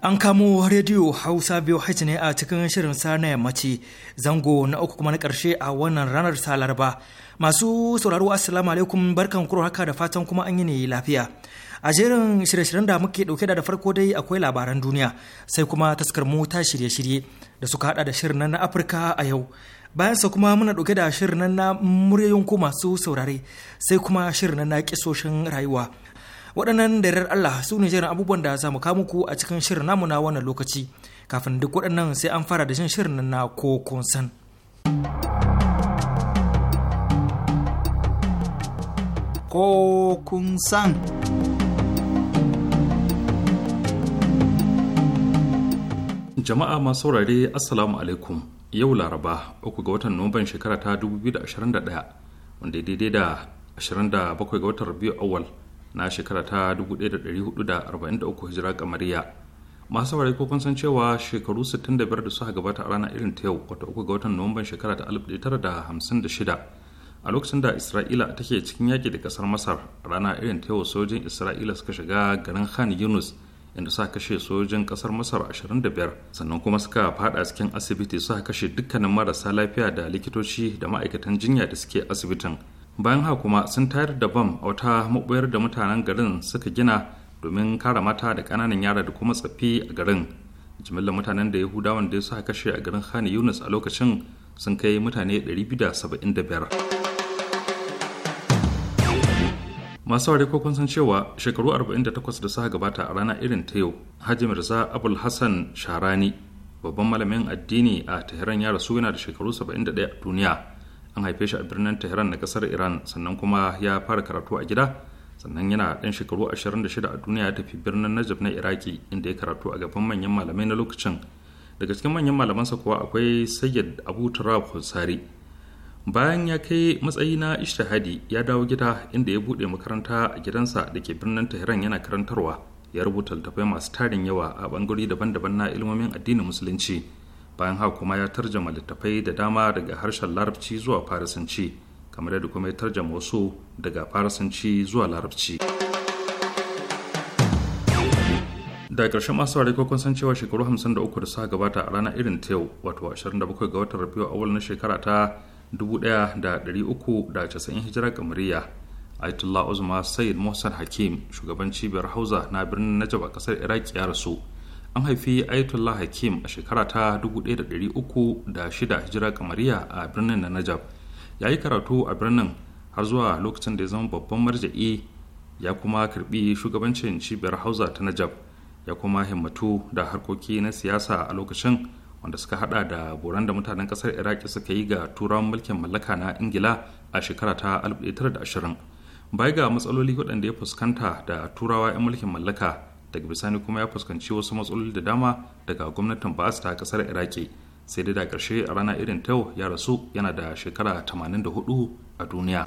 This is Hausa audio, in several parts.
An kamo rediyo Hausa biyu haiti ne a cikin shirin sana mace. zango na uku kuma na ƙarshe a wannan ranar ta laraba. Masu sauraro assalamu alaikum barkan kuro haka da fatan kuma an yi ne lafiya. A jerin shirye-shiryen da muke ɗauke da farko dai akwai labaran duniya sai kuma taskar mota shirye-shirye da suka hada da shirin na Afirka a yau. Bayan sa kuma muna ɗauke da shirin na muryoyin ku masu saurare sai kuma shirin na kisoshin rayuwa. waɗannan da yarar Allah su ne jiran abubuwan da za mu kawo muku a cikin shirin namu na wannan lokaci kafin duk waɗannan sai an fara da shin shirin na ko kun san. Ko kun san. Jama'a masu saurare Assalamu alaikum yau Laraba uku ga watan Nuwamban shekara ta 2021 wanda daidai da 27 ga watan Rabiu awal na shekara ta 1443 hijira kamariya masu saurari ko kun san cewa shekaru 65 da suka gabata a ranar irin ta yau wata uku ga watan nuwamban shekara ta 1956 a lokacin da isra'ila take cikin yaki da kasar masar a rana irin ta yau sojin isra'ila suka shiga garin khan yunus inda suka kashe sojin kasar masar 25 sannan kuma suka fada cikin asibiti suka kashe dukkanin marasa lafiya da likitoci da ma'aikatan jinya da suke asibitin bayan haka kuma sun tayar da bam a wata mabuyar da mutanen garin suka gina domin kare mata da kananan yara da kuma tsaffi a garin jimillar mutanen da yahudawan da suka kashe a garin khan yunus a lokacin sun kai mutane 275 masu ware kokon san cewa shekaru 48 da suka gabata a rana irin ta yau hajji mirza abul hassan sharani babban malamin addini a tehran ya rasu yana da shekaru 71 a duniya an haife shi a birnin tehran na kasar iran sannan kuma ya fara karatu a gida sannan yana ɗan shekaru 26 a duniya ya tafi birnin najaf na iraki inda ya karatu a gaban manyan malamai na lokacin daga cikin manyan malamansa kuwa akwai sayyid abu turab hussari bayan ya kai matsayi na ishtihadi ya dawo gida inda ya buɗe makaranta a gidansa da ke birnin tehran yana karantarwa ya rubuta littattafai masu tarin yawa a bangare daban-daban na ilmomin addinin musulunci bayan haka kuma ya tarjama littattafai da dama daga harshen larabci zuwa farisanci kamar yadda kuma ya tarjama wasu daga farisanci zuwa larabci da ƙarshen masu ware ko san cewa shekaru 53 da suka gabata a ranar irin ta yau wato 27 ga watan rabiu awal na shekara ta 1390 hijira kamariya Aitullah Uzma Sayyid Mohsen Hakim shugaban cibiyar Hausa na birnin najab a kasar iraki ya rasu an haifi ayatollah hakim a shekara ta 1306 hijira kamariya a birnin na najab ya yi karatu a birnin har zuwa lokacin da ya zama babban marja'i ya kuma karbi shugabancin cibiyar hausa ta najab ya kuma himmatu da harkoki na siyasa a lokacin wanda suka hada da boran da mutanen kasar iraki suka yi ga turawan mulkin mallaka na ingila a shekara ta 1920 baya ga matsaloli waɗanda ya fuskanta da turawa 'yan mulkin mallaka daga bisani kuma ya fuskanci wasu matsaloli da dama daga gwamnatin ba ta kasar iraki sai dai da karshe a rana irin ta ya rasu yana da shekara 84 a duniya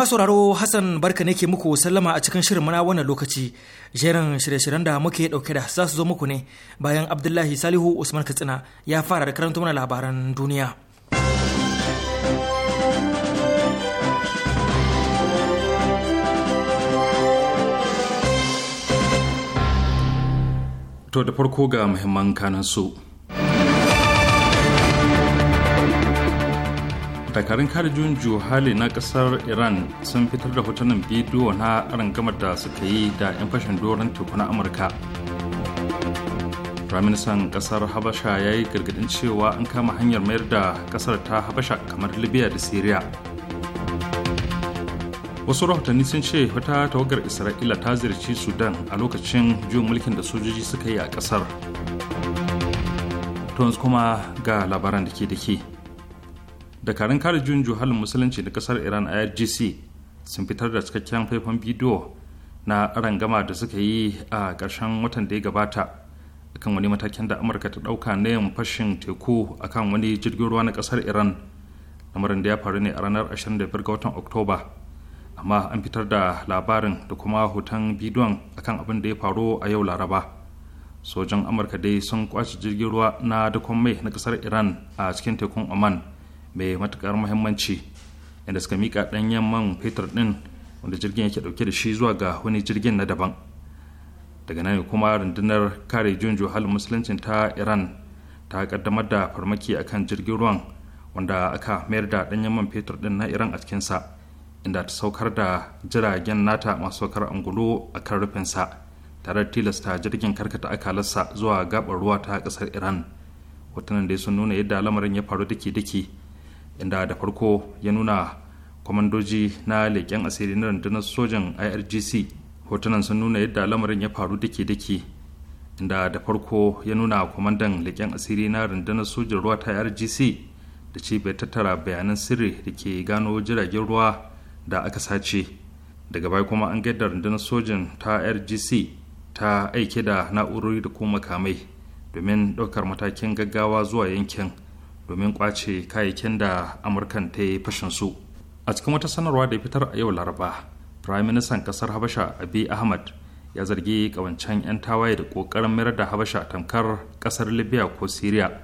masu sauraro Hassan barka nake ke muku sallama a cikin shirin mana wannan lokaci. Jerin shirye-shiryen da muke dauke da za su zo muku ne bayan Abdullahi Salihu Usman Katsina ya fara da karanta mana labaran duniya. To da farko ga muhimman kanan su. dakarun kare juyin juhali na kasar iran sun fitar da hotunan bidiyo na rangamar da suka yi da 'yan fashin doron teku na amurka firaministan kasar habasha ya yi gargadin cewa an kama hanyar mayar da kasar ta habasha kamar libya da syria wasu rahotanni sun ce wata tawagar isra'ila ta ziyarci sudan a lokacin juyin mulkin da sojoji suka yi a kasar tons kuma ga labaran da ke da ke dakarun kare juyin juhalin musulunci da kasar iran irgc sun fitar da cikakken faifan bidiyo na rangama da suka yi a ƙarshen watan da ya gabata akan wani matakin da amurka ta ɗauka na yin fashin teku akan wani jirgin ruwa na ƙasar iran lamarin da ya faru ne a ranar 25 ga watan oktoba amma an fitar da labarin da kuma hoton bidiyon akan abin da ya faru a yau laraba sojan amurka dai sun kwace jirgin ruwa na dakon mai na kasar iran a cikin tekun oman mai matukar muhimmanci inda suka mika ɗanyen man fetur ɗin wanda jirgin yake ɗauke da shi zuwa ga wani jirgin na daban daga nan kuma rundunar kare junjo halin musulunci ta iran ta kaddamar da farmaki akan jirgin ruwan wanda aka mayar da ɗanyen man fetur ɗin na iran a cikinsa inda ta saukar da jiragen nata masu saukar angulo a kan rufinsa tare da tilasta jirgin karkata akalarsa zuwa gabar ruwa ta kasar iran hotunan da sun nuna yadda lamarin ya faru dake-dake inda da farko ya nuna kwamandoji na leƙen asiri na rundunar sojan irgc hotunan sun nuna yadda lamarin ya faru dake-dake inda da farko ya nuna kwamandan leƙen asiri na rundunar sojan ruwa ta irgc da cibiyar tattara bayanan sirri da ke gano jiragen ruwa da aka sace daga baya kuma an gaida rundunar sojan ta rgc ta aike da na'urori da kuma makamai domin ɗaukar matakin gaggawa zuwa yankin domin kwace kayayyakin da amurkan ta yi fashin su a cikin wata sanarwa da fitar a yau laraba prime minister kasar habasha abi ahmad ya zargi kawancan 'yan tawaye da kokarin mayar da habasha tamkar kasar libya ko syria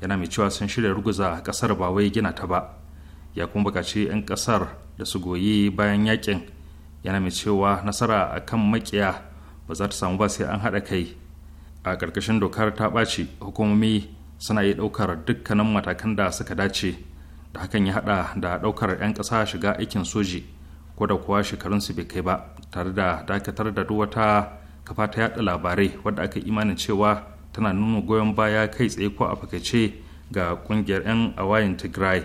yana mai cewa sun shirya ruguza kasar ba wai gina ta ba ya kuma bukaci 'yan kasar da su goyi bayan yakin yana mai cewa nasara a kan makiya ba za ta samu ba sai an haɗa kai a ƙarƙashin dokar ta ɓaci hukumomi suna yi ɗaukar dukkanin matakan da suka dace da hakan ya haɗa da ɗaukar 'yan ƙasa shiga aikin soji ko da kuwa shekarunsu bai kai ba tare da dakatar da duk wata kafa ta yaɗa labarai wadda aka imanin cewa tana nuna goyon baya kai tsaye ko a fakaice ga ƙungiyar 'yan awayin tigray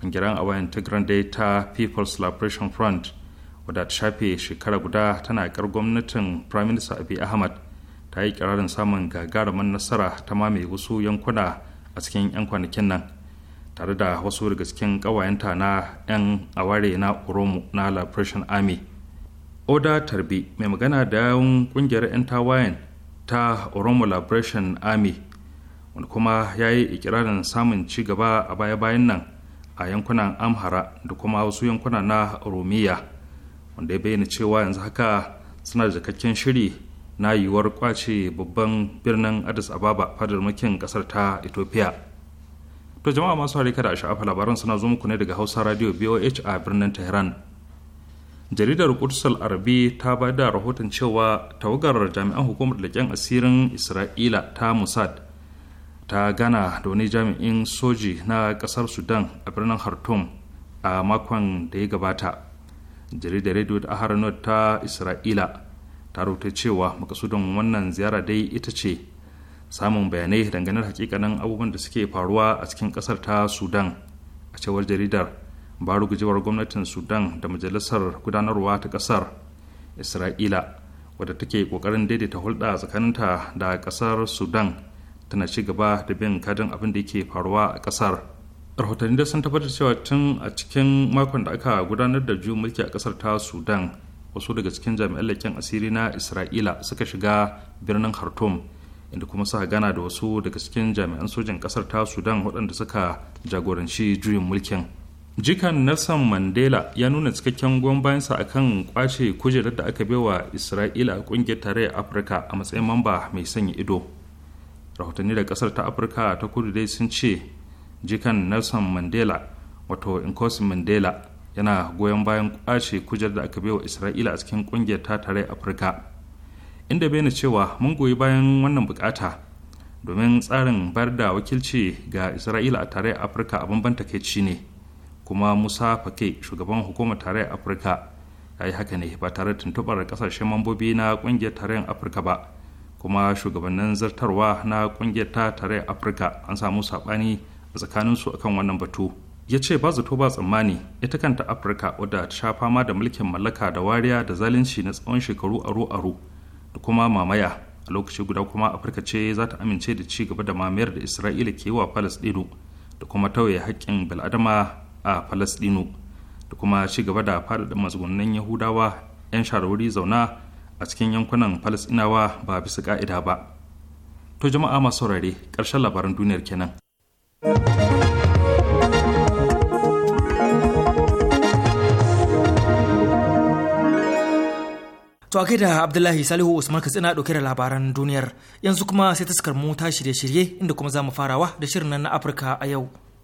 ƙungiyar 'yan awayin tigray da ta people's liberation front wadda ta shafe shekara guda tana kar gwamnatin prime minister abiy ahmad ta yi kirarin samun gagarumin nasara ta mamaye wasu yankuna a cikin 'yan kwanakin nan tare da wasu daga cikin ƙawayenta na 'yan aware na oromo na liberation army oda tarbi mai magana da yawon ƙungiyar 'yan tawayen ta oromo liberation army wani kuma ya yi ikirarin samun ci gaba a baya-bayan nan a yankunan amhara da kuma wasu yankuna na oromiya wanda ya bayyana cewa yanzu haka suna da cikakken shiri na yiwuwar kwace babban birnin addis ababa makin kasar ta ethiopia to jama'a masu harika da sha'afa labaran suna zo muku ne daga hausa radio boh a birnin tehran jaridar kudsal arabi ta ba da rahoton cewa tawagar jami'an hukumar leƙen asirin isra'ila ta mossad ta gana da wani jami'in soji na ƙasar sudan a birnin khartoum a makon da ya gabata jaridar radio da aharanot ta isra'ila ta rute cewa makasudin wannan ziyara dai ita ce samun bayanai dangane da hakikanin abubuwan da suke faruwa a cikin kasar ta sudan a cewar jaridar baru gujewar gwamnatin sudan da majalisar gudanarwa ta kasar isra'ila wadda take kokarin daidaita hulɗa tsakaninta da kasar sudan tana ci gaba da bin kadin abin da yake faruwa a kasar rahotanni da sun tabbatar cewa tun a cikin makon da aka gudanar da juyin mulki a kasar ta sudan wasu daga cikin jami'an leƙen asiri na isra'ila suka shiga birnin khartoum inda kuma suka gana da wasu daga cikin jami'an sojin ƙasar ta sudan waɗanda suka jagoranci juyin mulkin jikan nelson mandela ya nuna cikakken goyon bayansa akan kwace kujerar da aka baiwa isra'ila a ƙungiyar tarayyar afirka a matsayin mamba mai sanya ido rahotanni da ƙasar ta afirka ta kudu dai sun ce jikan nelson mandela wato inkosi mandela yana goyon bayan kwace kujerar da aka baiwa isra'ila a cikin kungiyar ta tare afirka inda bai cewa mun goyi bayan wannan bukata domin tsarin bayar da wakilci ga isra'ila a tare afirka a ban takaici ne kuma musa fake shugaban hukumar tare afirka ya yi haka ne ba tare da tuntuɓar kasashen mambobi na kungiyar tarayyar afirka ba kuma shugabannin zartarwa na kungiyar ta tarayyar afirka an samu saɓani a tsakaninsu akan wannan batu ya ce ba zato ba tsammani ita kanta afirka wadda ta sha fama da mulkin mallaka da wariya da zalunci na tsawon shekaru aro-aro da kuma mamaya a lokaci guda kuma afirka ce za ta amince da ci gaba da mamayar da isra'ila ke yi wa falasdino da kuma tauye haƙƙin bil'adama a falasdino da kuma ci gaba da faɗaɗa mazgunan yahudawa 'yan shawarwari zauna a cikin yankunan falasdinawa ba bisa ƙa'ida ba to jama'a masu saurare ƙarshen labaran duniyar kenan. To a da Abdullahi Salihu Usman Katsina ɗauke da labaran duniyar yanzu kuma sai taskar mu ta shirye-shirye inda kuma za mu farawa da shirin nan na Afirka a yau.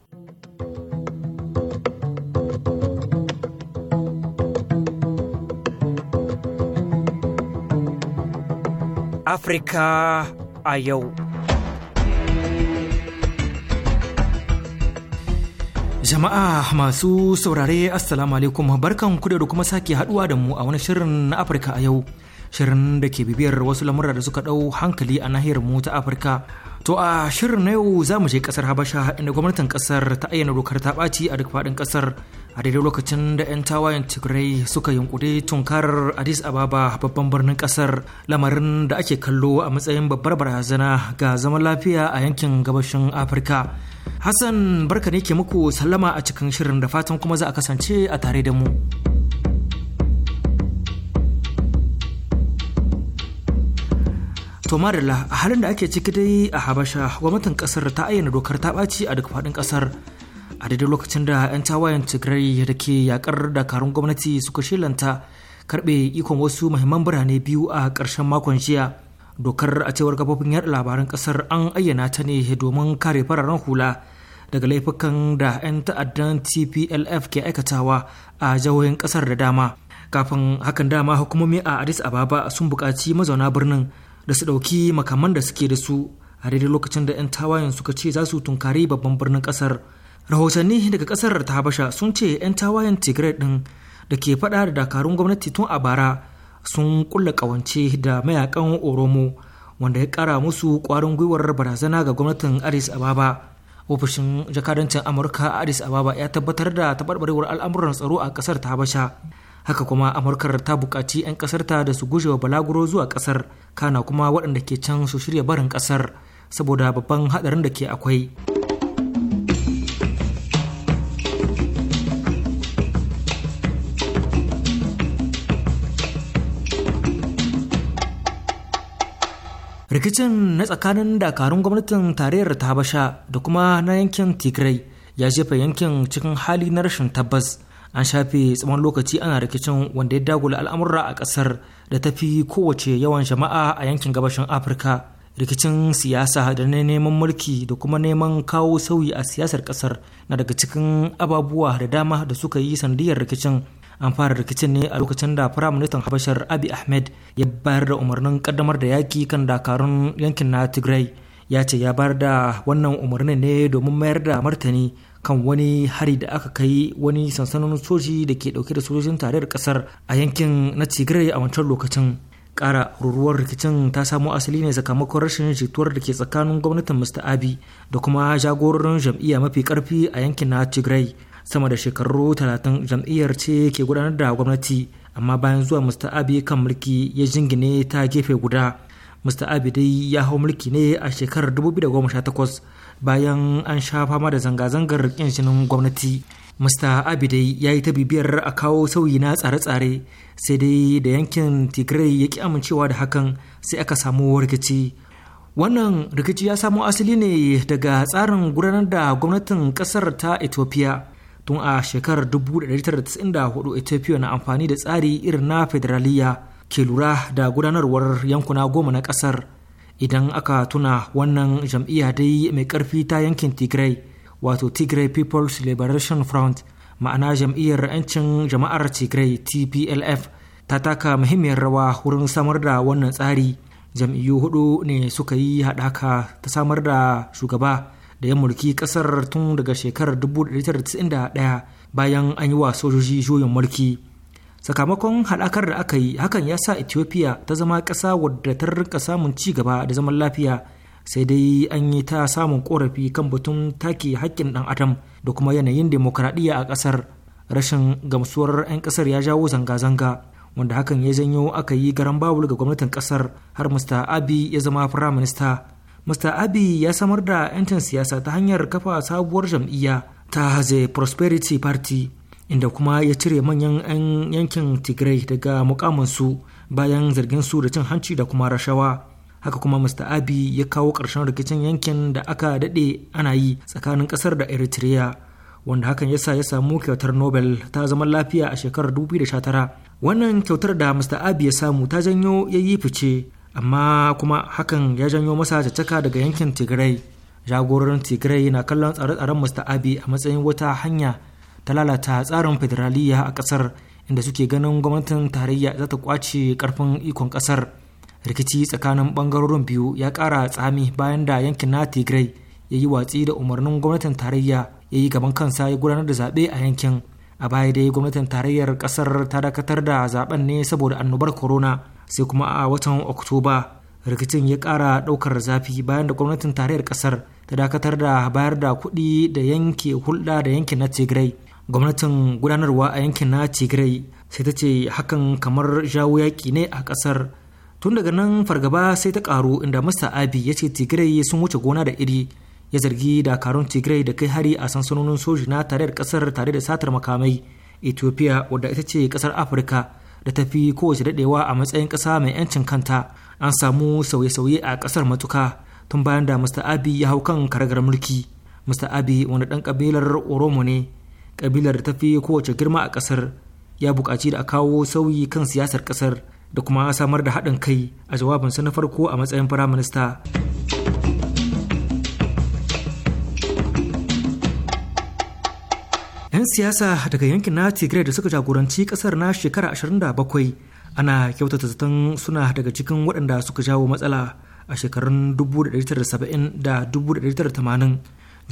Afirka a yau. Jama'a masu saurare Assalamu alaikum barkan ku da kuma sake haduwa da mu a wani shirin na Afirka a yau. Shirin da ke bibiyar wasu lamura da suka ɗau hankali a nahiyar mu ta Afirka. To a shirin na yau za mu je kasar Habasha inda gwamnatin kasar ta ayyana dokar ta ɓaci a duk faɗin kasar a daidai lokacin da 'yan tawayen Tigray suka yunkuri tunkarar Addis Ababa babban birnin kasar lamarin da ake kallo a matsayin babbar barazana ga zaman lafiya a yankin gabashin Afirka. Hassan barka ne ke muku sallama a cikin shirin da fatan kuma za a kasance a tare da mu. To Marilla, a halin da ake ciki dai a Habasha, gwamnatin kasar ta ayyana dokar ta ɓaci a duk faɗin kasar. A daidai lokacin da 'yan tawayen Tigray da ke yakar dakarun gwamnati suka shilanta karɓe ikon wasu muhimman birane biyu a ƙarshen makon jiya. dokar a cewar kafofin yada labaran kasar an ayyana ta ne domin kare fararen hula daga laifukan da 'yan ta'addan tplf ke aikatawa a jihohin kasar da dama kafin hakan dama hukumomi a addis ababa sun bukaci mazauna birnin da su ɗauki makaman da suke da su a daidai lokacin da 'yan tawayen suka ce za su tunkari babban birnin kasar rahotanni daga kasar ta habasha sun ce 'yan tawayen tigray din da ke faɗa da dakarun gwamnati tun a bara sun kulla kawance da mayakan oromo wanda ya kara musu kwarin gwiwar barazana ga gwamnatin addis ababa ofishin jakadancin amurka a addis ababa ya tabbatar da taɓarɓarewar al'amuran tsaro a kasar ta habasha haka kuma amurkar ta bukaci 'yan kasar ta da su gujewa balaguro zuwa kasar kana kuma waɗanda ke can su shirya barin kasar saboda babban haɗarin da ke akwai. rikicin na tsakanin dakarun gwamnatin tarayyar ta habasha da kuma na yankin tigray ya jefa yankin cikin hali na rashin tabbas an shafe tsawon lokaci ana rikicin wanda ya dagula al'amurra a ƙasar da ta fi kowace yawan jama'a a yankin gabashin afirka rikicin siyasa da na neman mulki da kuma neman kawo sauyi a siyasar ƙasar na daga cikin ababuwa da dama da suka yi sandiyar rikicin an fara rikicin ne a lokacin da firaministan habashar abi ahmed ya bayar da umarnin kaddamar da yaki kan dakarun yankin na tigray ya ce ya bayar da wannan umarnin ne domin mayar da martani kan wani hari da aka kai wani sansanin soji da ke dauke da sojojin tarayyar kasar a yankin na tigray a wancan lokacin kara ruruwar rikicin ta samo asali ne sakamakon rashin jituwar da ke tsakanin gwamnatin mr abi da kuma jagororin jam'iyya mafi karfi a yankin na tigray sama da shekaru talatin jam'iyyar ce ke gudanar da gwamnati amma bayan zuwa mr abi kan mulki ya jingine ta gefe guda mr abi dai ya hau mulki ne a shekarar 2018 bayan an sha fama da zanga-zangar ƙin jinin gwamnati mr dai ya yi ta bibiyar a kawo sauyi na tsare-tsare sai dai da yankin tigray ya ki amincewa da hakan sai aka samu rikici wannan rikici ya samo asali ne daga tsarin gudanar da gwamnatin ƙasar ta ethiopia tun a shekarar 1994 ethiopia na amfani da tsari irin na federaliya ke lura da gudanarwar yankuna goma na kasar idan aka tuna wannan jam'iyya dai mai karfi ta yankin tigray wato tigray people's liberation front ma'ana jam'iyyar 'yancin jama'ar tigray tplf ta taka muhimmiyar rawa wurin samar da wannan tsari jam'iyyu hudu ne suka yi haɗaka ta samar da shugaba da ya mulki kasar tun daga shekarar 1991 bayan an yi wa sojoji juyin mulki sakamakon haɗakar da aka yi hakan ya sa ethiopia ta zama ƙasa wadda ta rinka samun ci gaba da zaman lafiya sai dai an yi ta samun ƙorafi kan batun take haƙƙin ɗan adam da kuma yanayin demokradiyya a ƙasar rashin gamsuwar 'yan ƙasar ya jawo zanga-zanga wanda hakan ya janyo aka yi garan bawul ga gwamnatin ƙasar har mr abi ya zama firaminista Mr. Abiy ya samar da 'yancin siyasa ta hanyar kafa sabuwar jam'iyya ta haze Prosperity Party inda kuma ya cire manyan 'yan yankin Tigray daga mukamansu bayan zargin su da cin hanci da kuma rashawa. Haka kuma Mr. Abiy ya kawo ƙarshen rikicin yankin da aka daɗe ana yi tsakanin ƙasar da Eritrea wanda hakan yasa ya samu kyautar Nobel ta zama lafiya a shekarar 2019. Wannan kyautar da Mr. Abiy ya samu ta janyo ya yi fice amma kuma hakan ya janyo masa caccaka daga yankin tigray jagororin tigray na kallon tsare-tsaren mr abi a matsayin wata hanya ta lalata tsarin federaliya a kasar inda suke ganin gwamnatin tarayya za ta kwace karfin ikon kasar rikici tsakanin bangarorin biyu ya kara tsami bayan da yankin na tigray ya yi watsi da umarnin gwamnatin tarayya ya yi gaban kansa ya gudanar da zaɓe a yankin a baya dai gwamnatin tarayyar kasar ta dakatar da zaben ne saboda annobar corona sai kuma a watan oktoba rikicin ya kara daukar zafi bayan da gwamnatin tarayyar kasar ta dakatar da bayar da kuɗi da yanke hulɗa da yankin na tigray gwamnatin gudanarwa a yankin na tigray sai ta ce hakan kamar jawo yaƙi ne a ƙasar tun daga nan fargaba sai ta ƙaru inda mista abi ya ce tigray sun wuce gona da iri ya zargi dakarun tigray da kai hari a sansanonin soji na tarayyar ƙasar tare da satar makamai ethiopia wadda ita ce ƙasar afirka da ta fi kowace daɗewa a matsayin ƙasa mai 'yancin kanta an samu sauye-sauye a ƙasar matuka tun bayan da Mr. Abi ya hau kan karagar mulki. Mr. Abi wani ɗan kabilar Oromo ne, kabilar da ta fi kowace girma a ƙasar ya buƙaci da a kawo sauyi kan siyasar ƙasar da kuma samar da haɗin kai a jawabinsa na farko a matsayin firaminista. 'yan siyasa daga yankin na tigray da suka jagoranci kasar na shekara 27 ana kyautata zaton suna daga cikin waɗanda suka jawo matsala a shekarun 1970 da 1980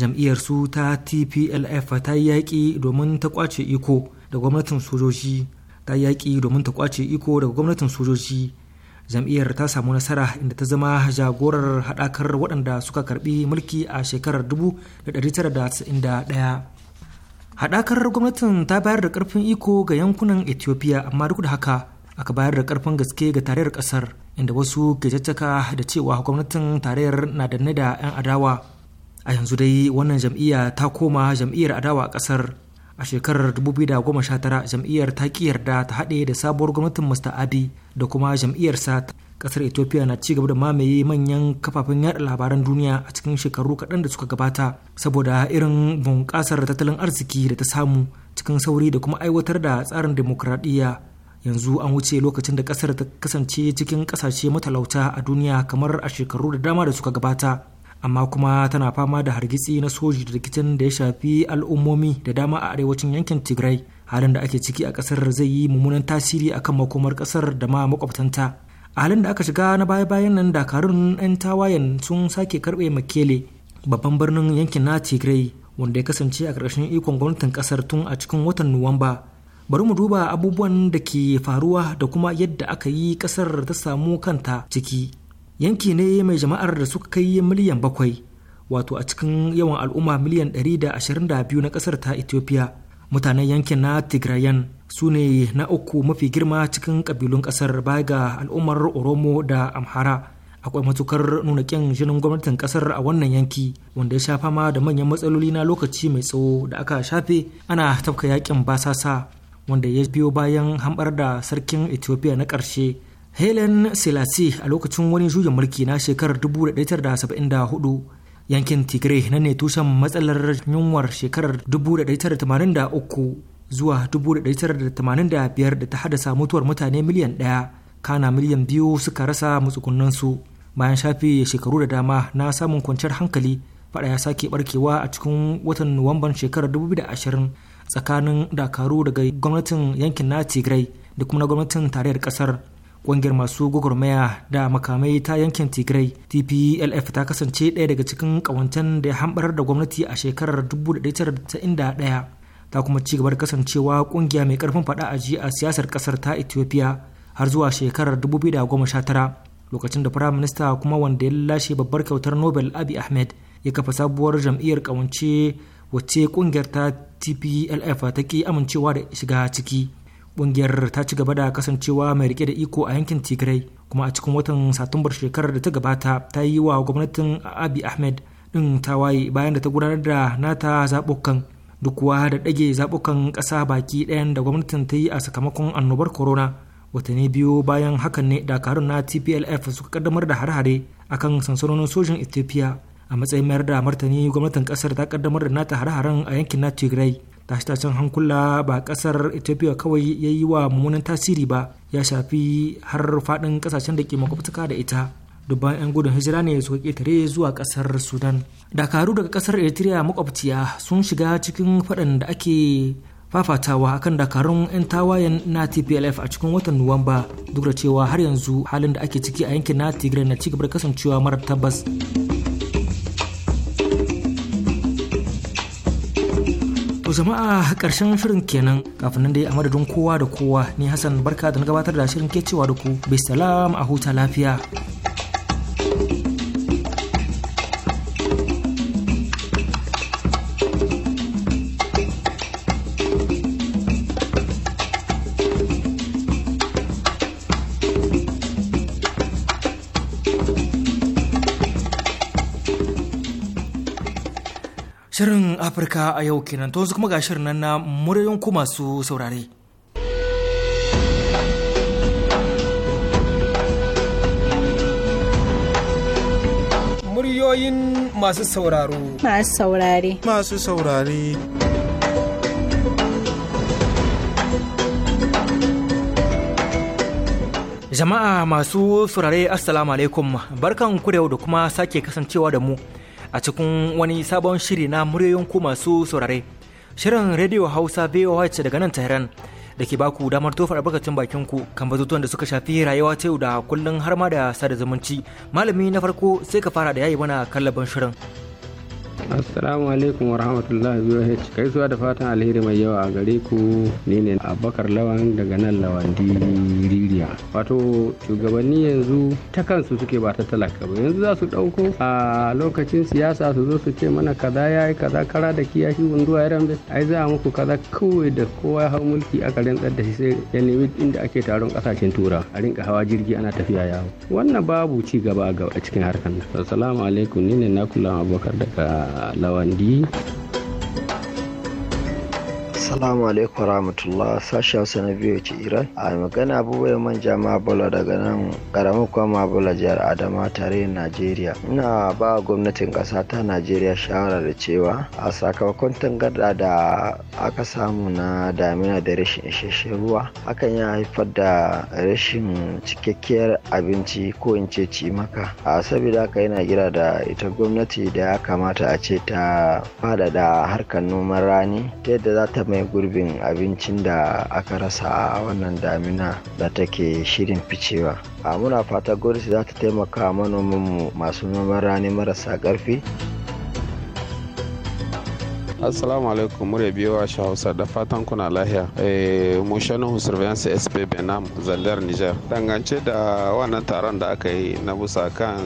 jam'iyyar su ta tplf ta yi yaƙi domin ta kwace iko da gwamnatin sojoji ta yaƙi domin ta kwace iko daga gwamnatin sojoji jam'iyyar ta samu nasara inda ta zama jagorar haɗakar waɗanda suka karbi mulki a shekarar 1991 haɗakar gwamnatin ta bayar da ƙarfin iko ga yankunan ethiopia amma duk da haka aka bayar da ƙarfin gaske ga tarayyar ƙasar inda wasu ke jajjaka da cewa gwamnatin tarayyar na danne da 'yan adawa a yanzu dai wannan jam'iyya ta koma jam'iyyar adawa a ƙasar a shekarar 2019 jam'iyyar ta ki yarda ta haɗe da sabuwar gwamnatin mr abi da kuma jam'iyyar jam'iyyarsa ƙasar ethiopia na ci gaba da mamaye manyan kafafen yaɗa labaran duniya a cikin shekaru kaɗan da suka gabata saboda irin bunƙasar tattalin arziki da ta samu cikin sauri da kuma aiwatar da tsarin demokradiyya yanzu an wuce lokacin da ƙasar ta kasance cikin ƙasashe matalauta a duniya kamar a shekaru da dama da suka gabata amma kuma tana fama da hargitsi na soji da rikicin da ya shafi al'ummomi da dama a arewacin yankin tigray halin da ake ciki a kasar zai yi mummunan tasiri akan makomar kasar da ma makwabtanta a halin da aka shiga na baya-bayan nan dakarun 'yan tawayen sun sake karbe makele babban birnin yankin na tigray wanda ya kasance a ƙarƙashin ikon gwamnatin kasar tun a cikin watan nuwamba bari mu duba abubuwan da ke faruwa da kuma yadda aka yi kasar ta samu kanta ciki yanki ne mai jama'ar da suka kai miliyan bakwai wato a cikin yawan al'umma miliyan ɗari da biyu na ƙasar ta ethiopia mutanen yankin na tigrayan su ne na uku mafi girma cikin kabilun ƙasar baya ga al'ummar oromo da amhara akwai matukar nuna kyan jinin gwamnatin ƙasar a wannan yanki wanda ya sha fama da manyan matsaloli na lokaci mai tsawo da aka shafe ana tafka yakin basasa wanda ya biyo bayan hambar da sarkin ethiopia na ƙarshe helen selassie a lokacin wani juyin mulki na shekarar 1974 yankin tigray na ne tushen matsalar yunwar shekarar 1983 zuwa 1985 da ta haddasa mutuwar mutane miliyan ɗaya kana miliyan biyu suka rasa su bayan shafe shekaru da dama na samun kwanciyar hankali fada ya sake barkewa a cikin watan nuwamban shekarar 2020 tsakanin dakaru daga gwamnatin yankin na tigray da kuma na gwamnatin tarayyar kasar Ƙungiyar masu gwagwarmaya da makamai ta yankin Tigray TPLF ta kasance ɗaya daga cikin ƙawancen da ya hambarar da gwamnati a shekarar 1991 ta kuma ci gaba da kasancewa ƙungiya mai ƙarfin faɗa a ji a siyasar ƙasar ta Ethiopia har zuwa shekarar 2019 lokacin da Firayim Minista kuma wanda ya lashe babbar kyautar Nobel abi Ahmed ya kafa sabuwar jam'iyyar ƙawance wacce ƙungiyar ta TPLF ta ki amincewa da shiga ciki. Ƙungiyar ta ci gaba da kasancewa mai rike da iko a yankin Tigray kuma a cikin watan Satumbar shekarar da ta gabata ta yi wa gwamnatin abi Ahmed ɗin waye bayan da ta gudanar da nata zaɓukan duk kuwa da ɗage zaɓukan ƙasa baki ɗayan da gwamnatin ta yi a sakamakon annobar corona watanni biyu bayan hakan ne dakarun na tplf suka kaddamar da hare-hare akan sansanonin sojin ethiopia a matsayin mayar da martani gwamnatin ƙasar ta kaddamar da nata hare-haren a yankin na tigray tashe-tashen hankula ba kasar ethiopia kawai ya yi wa mummunan tasiri ba ya shafi har faɗin kasashen da ke makwabtaka da ita dubban 'yan gudun hijira ne suka ƙetare zuwa kasar sudan dakaru daga kasar eritrea makwabciya sun shiga cikin faɗan da ake fafatawa akan dakarun 'yan tawayen na tplf a cikin watan nuwamba duk da cewa har yanzu halin da ake ciki a yankin na tigray na cigaba da kasancewa mara tabbas To jama'a ƙarshen shirin kenan kafin nan dai a madadin kowa da kowa ni Hassan barka da na gabatar da shirin cewa da ku bisalam a huta lafiya. Afirka a yau kenan to yanzu kuma ga shirin nan na muryoyin ku masu saurare. Muryoyin masu sauraro. Masu saurare. Masu saurare. Jama'a masu saurare Assalamu alaikum barkan ku da yau da kuma sake kasancewa da mu. a cikin wani sabon shiri na muryoyin ku masu saurare. Shirin Radio Hausa VOH daga nan Tehran da ke baku damar tofa albarkacin bakin ku kan batutuwan da suka shafi rayuwa ta yau da kullun har ma da sada zumunci. Malami na farko sai ka fara da yayi mana kallaban shirin. assalamu alaikum warahmatullahi wabarakatuh. kai suwa da fatan alheri mai yawa a gare ku ne ne abakar lawan daga nan lawan ririya wato shugabanni yanzu ta kansu suke ba ta talaka ba yanzu za su ɗauko a lokacin siyasa su zo su ce mana kaza ya yi kaza kara da kiyashi wunduwa, ya rambe ai za a muku kaza kawai da kowa ya hau mulki aka rantsar da shi sai ya nemi inda ake taron kasashen tura a rinka hawa jirgi ana tafiya yawo wannan babu ci gaba a cikin harkar assalamu alaikum ni ne na kula abubakar daga lawan di Assalamu alaikum warahmatullah sashen sa na biyu ce Iran. A magana abubuwa man jama'a bala daga nan karamin kwama bala jihar Adama tare Najeriya. Ina ba gwamnatin ƙasa ta Najeriya shawara da cewa a sakamakon tangarda da aka samu na damina da rashin isasshen ruwa hakan ya haifar da rashin cikakkiyar abinci ko in ce cimaka. A saboda haka yana gira da ita gwamnati da ya kamata a ce ta faɗaɗa harkar noman rani ta yadda za ta mai ne gurbin abincin da aka rasa a wannan damina da take shirin ficewa a muna fata gwamnati za ta taimaka mu masu noman rani marasa ƙarfi assalamu alaikum murya biyo a hausa da fatan kuna lahiya eh, mu surveillance sp benam zandar niger dangance da wannan taron da aka yi na busa kan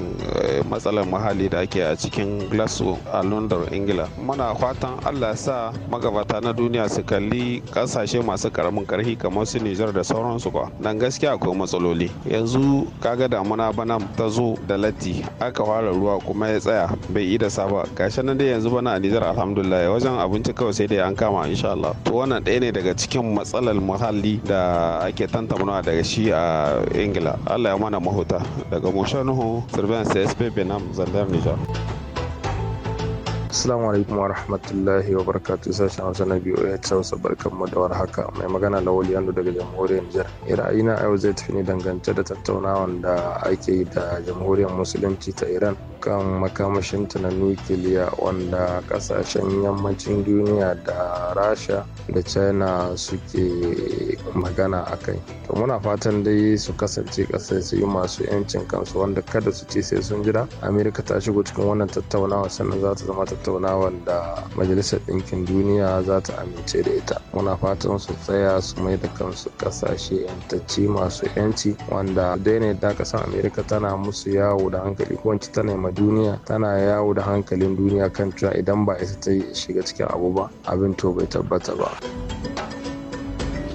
eh, matsalar muhalli da ake a cikin glasgow a london ingila muna fatan allah sa magabata na duniya su kalli kasashe masu karamin karhi kamar su niger da sauransu ba dan gaskiya akwai matsaloli yanzu kaga damuna bana ta zo da latti aka fara ruwa kuma ya tsaya bai yi da saba gashi nan dai yanzu bana a niger alhamdulillah wajen abinci kawai sai dai an kama insha Allah to wannan ɗaya ne daga cikin matsalar muhalli da ake tantamnawa daga shi a ingila Allah ya mana mahuta daga Moshanuhu Surveillance SP Benam Zandar Nijar. Assalamu alaikum wa rahmatullahi wa barakatuh sashen Hausa na biyu ya ci wasu barkan mu da haka mai magana da wali yando daga jamhuriyar Nijar. Ra'ayina yau zai tafi ne dangance da tattaunawan da ake yi da jamhuriyar musulunci ta Iran kan makamashin ta nukiliya wanda kasashen yammacin duniya da rasha da china suke magana a kai to muna fatan dai su kasance kasashe masu yancin kansu wanda kada su ce sai sun jira amerika ta shigo cikin wannan tattaunawa sannan za ta zama tattaunawa da majalisar ɗinkin duniya za ta amince da ita muna fatan su tsaya su mai da kansu kasashe yantacci masu yanci wanda dai ne da kasan amerika tana musu yawo da hankali ko tana duniya tana yawo da hankalin duniya kan cewa idan ba ita ta shiga cikin abu ba abin to bai tabbata ba.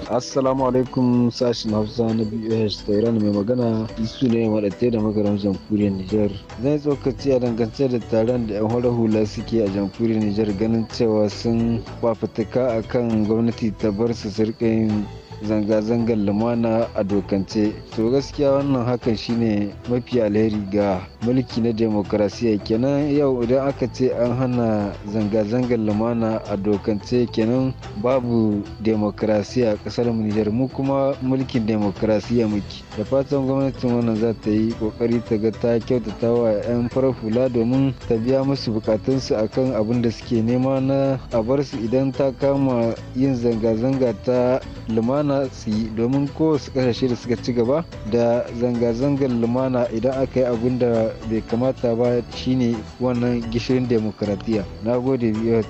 assalamu alaikum sashen hausa na bus da iran mai magana isu ne ya da magaran jamhuriyar niger zai tsokaci a dangance da taron da yan hula hula suke a jamhuriyar niger ganin cewa sun fafatuka a kan gwamnati ta bar su sirƙin zanga-zangar lumana a dokance to gaskiya wannan hakan shine mafi alheri ga mulki na demokrasiya kenan yau idan aka ce an hana zanga-zangar lumana a dokance kenan babu demokrasiya a kasar nijar mu kuma mulkin demokrasiya muke da fatan gwamnatin wannan za ta yi kokari ta ga ta kyautata wa 'yan farar domin ta biya musu bukatunsu akan abin da suke nema na a bar su idan ta kama yin zanga-zanga ta lumana su yi domin su kasashe da suka ci gaba da zanga-zangar lumana idan aka yi abun da bai kamata ba shine wannan gishirin demokaratiya na gode biyu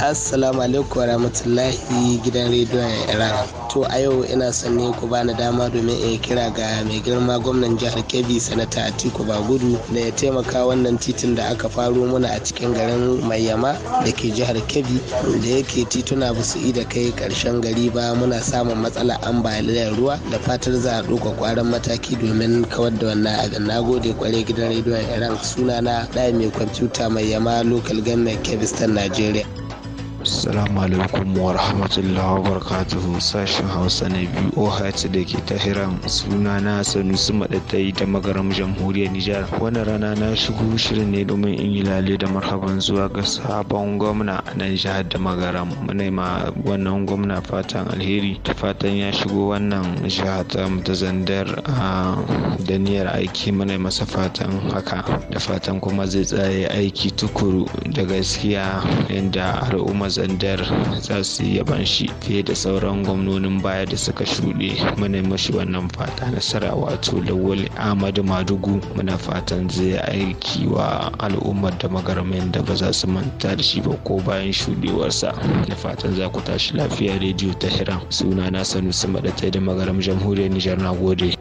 assalamu alaikum warahmatullahi gidan rediyon iran to a yau ina son ne ku bani dama domin in kira ga mai girma gwamnan jihar Kebbi sanata Atiku Bagudu da ya taimaka wannan titin da aka faro muna a cikin garin mayama da ke jihar Kebbi da yake tituna ba su da kai karshen gari ba muna samun matsala ambaliyar ruwa da fatar za a ɗauka kwaran mataki domin kawar da wannan abin na gode kwarai gidan rediyon Iran sunana ɗaya mai kwamfuta yama local government Kebbi nigeria. Assalamu alaikum wa rahmatullahi wa barakatuhu sashen Hausa na biyu OHAT da ke Tahiran suna na Sanusi Maɗaɗai da magaram jamhuriyar Nijar. Wannan rana na shigo shirin ne domin in yi lale da marhaban zuwa ga sabon gwamna na jihar da magaram. Muna wannan gwamna fatan alheri ta fatan ya shigo wannan jiha ta ta a da aiki muna masa fatan haka da fatan kuma zai tsaye aiki tukuru da gaskiya yadda al'umma zandar za su yaban shi fiye da sauran gwamnonin baya da suka shuɗe muna mashi wannan fata nasara wato lawal ahmadu madugu muna fatan zai aiki wa al'ummar da magarmin da ba za su manta da shi ba ko bayan shuɗewarsa da fatan za ku tashi lafiya rediyo ta hira suna na su maɗatai da magaram jamhuriyar nijar na gode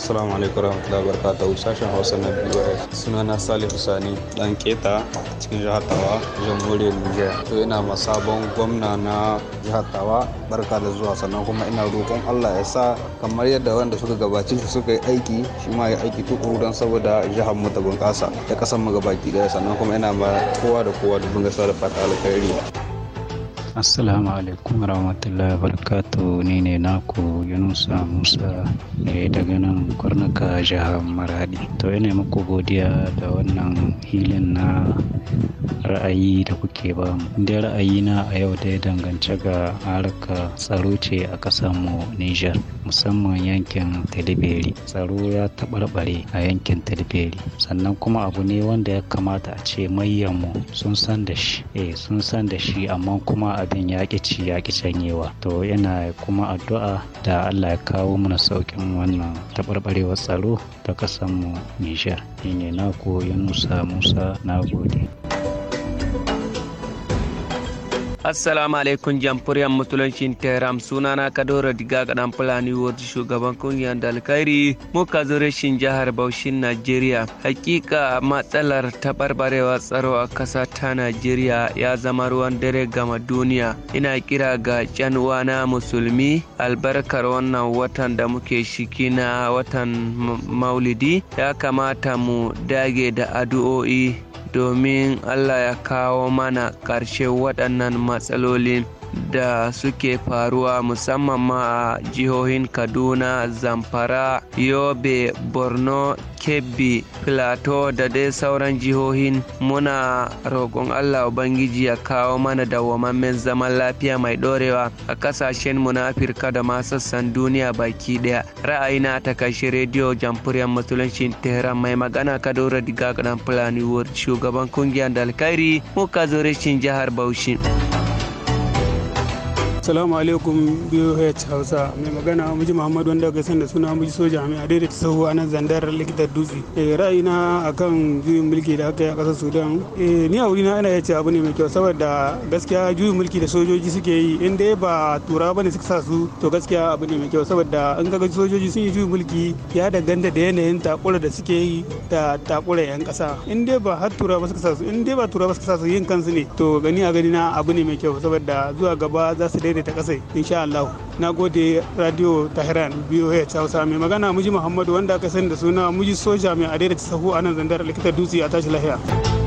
assalamu alaikum warahmatullahi wabarakatuh sashen hausa na bos sunana salihu sani dan keta cikin jihar tawa jamhuriyar niger to ina ma sabon gwamna na jihar tawa barka da zuwa sannan kuma ina roƙon allah ya sa kamar yadda wanda suka gabacin su suka yi aiki shi ma ya aiki tukuru don saboda jihar mu ta bunƙasa ya ƙasar mu gabaki ɗaya sannan kuma ina ma kowa da kowa bunga sa da fata alkhairi assalamu alaikum warahmatullahi wabarakatuh ni ne naku yunusa musa ne eh, daga nan kurnuka jihar maradi to ina muku godiya da wannan hilin na ra'ayi da kuke ba mu inda ra'ayi na a yau dai dangance ga harka tsaro ce a mu niger musamman yankin taliberi tsaro ya taɓarɓare a yankin taliberi sannan kuma abu ne wanda ya kamata a ce mayyanmu sun san da shi eh sun san da shi amma kuma abin ya ci ya ki canyewa to yana kuma addu'a da Allah ya kawo mana saukin wannan taɓarɓarewar tsaro ta kasanmu Nijar shine naku yanusa Musa na gode. Assalamu alaikum jamhuriyar musuluncin Tehran sunana kadora Diga Gadan Fulani wadda shugaban kungiyar Dalkairi muka zo rashin jihar Baushin Najeriya. Hakika matsalar tabarbarewa tsaro a kasa ta Najeriya ya zama ruwan dare gama duniya. Ina kira ga can na musulmi albarkar wannan watan da muke shiki na watan maulidi ya kamata mu dage da addu'o'i domin Allah ya kawo mana ƙarshe waɗannan matsalolin. da suke faruwa musamman ma a jihohin kaduna zamfara yobe borno kebbi plateau da dai sauran jihohin muna roƙon allah ubangiji ya kawo mana dawwamammen zaman lafiya mai ɗorewa a ƙasashen mu na afirka da ma sassan duniya baki ɗaya ra'ayina ta kashi rediyo jamhuriyar musulunci tehran mai magana kadoro diga gadan fulani shugaban kungiyar dalkairi muka zurishin jihar bauchi. assalamu alaikum BOH Hausa mai magana muji Muhammad wanda ga sanda suna muji soja mai a daidaita sahu a nan zandar likitar dutse eh ra'ayina akan juyin mulki da aka yi a ƙasar Sudan eh ni a wurina ina yace abu ne mai kyau saboda gaskiya juyin mulki da sojoji suke yi in dai ba tura ba ne suka sa su to gaskiya abu ne mai kyau saboda in ga sojoji sun yi juyin mulki ya danganta da yanayin takura da suke yi da takura yan ƙasa in dai ba har tura ba suka sa su in dai ba tura ba suka sa su yin kansu ne to gani a gani na abu ne mai kyau saboda zuwa gaba za su daidaita da ta kasai insha Allah na gode radio Tehran BOH Hausa mai magana muji Muhammadu wanda aka sani da suna muji soja mai adaida ta sahu a nan zandar likita dutse a tashi lahiya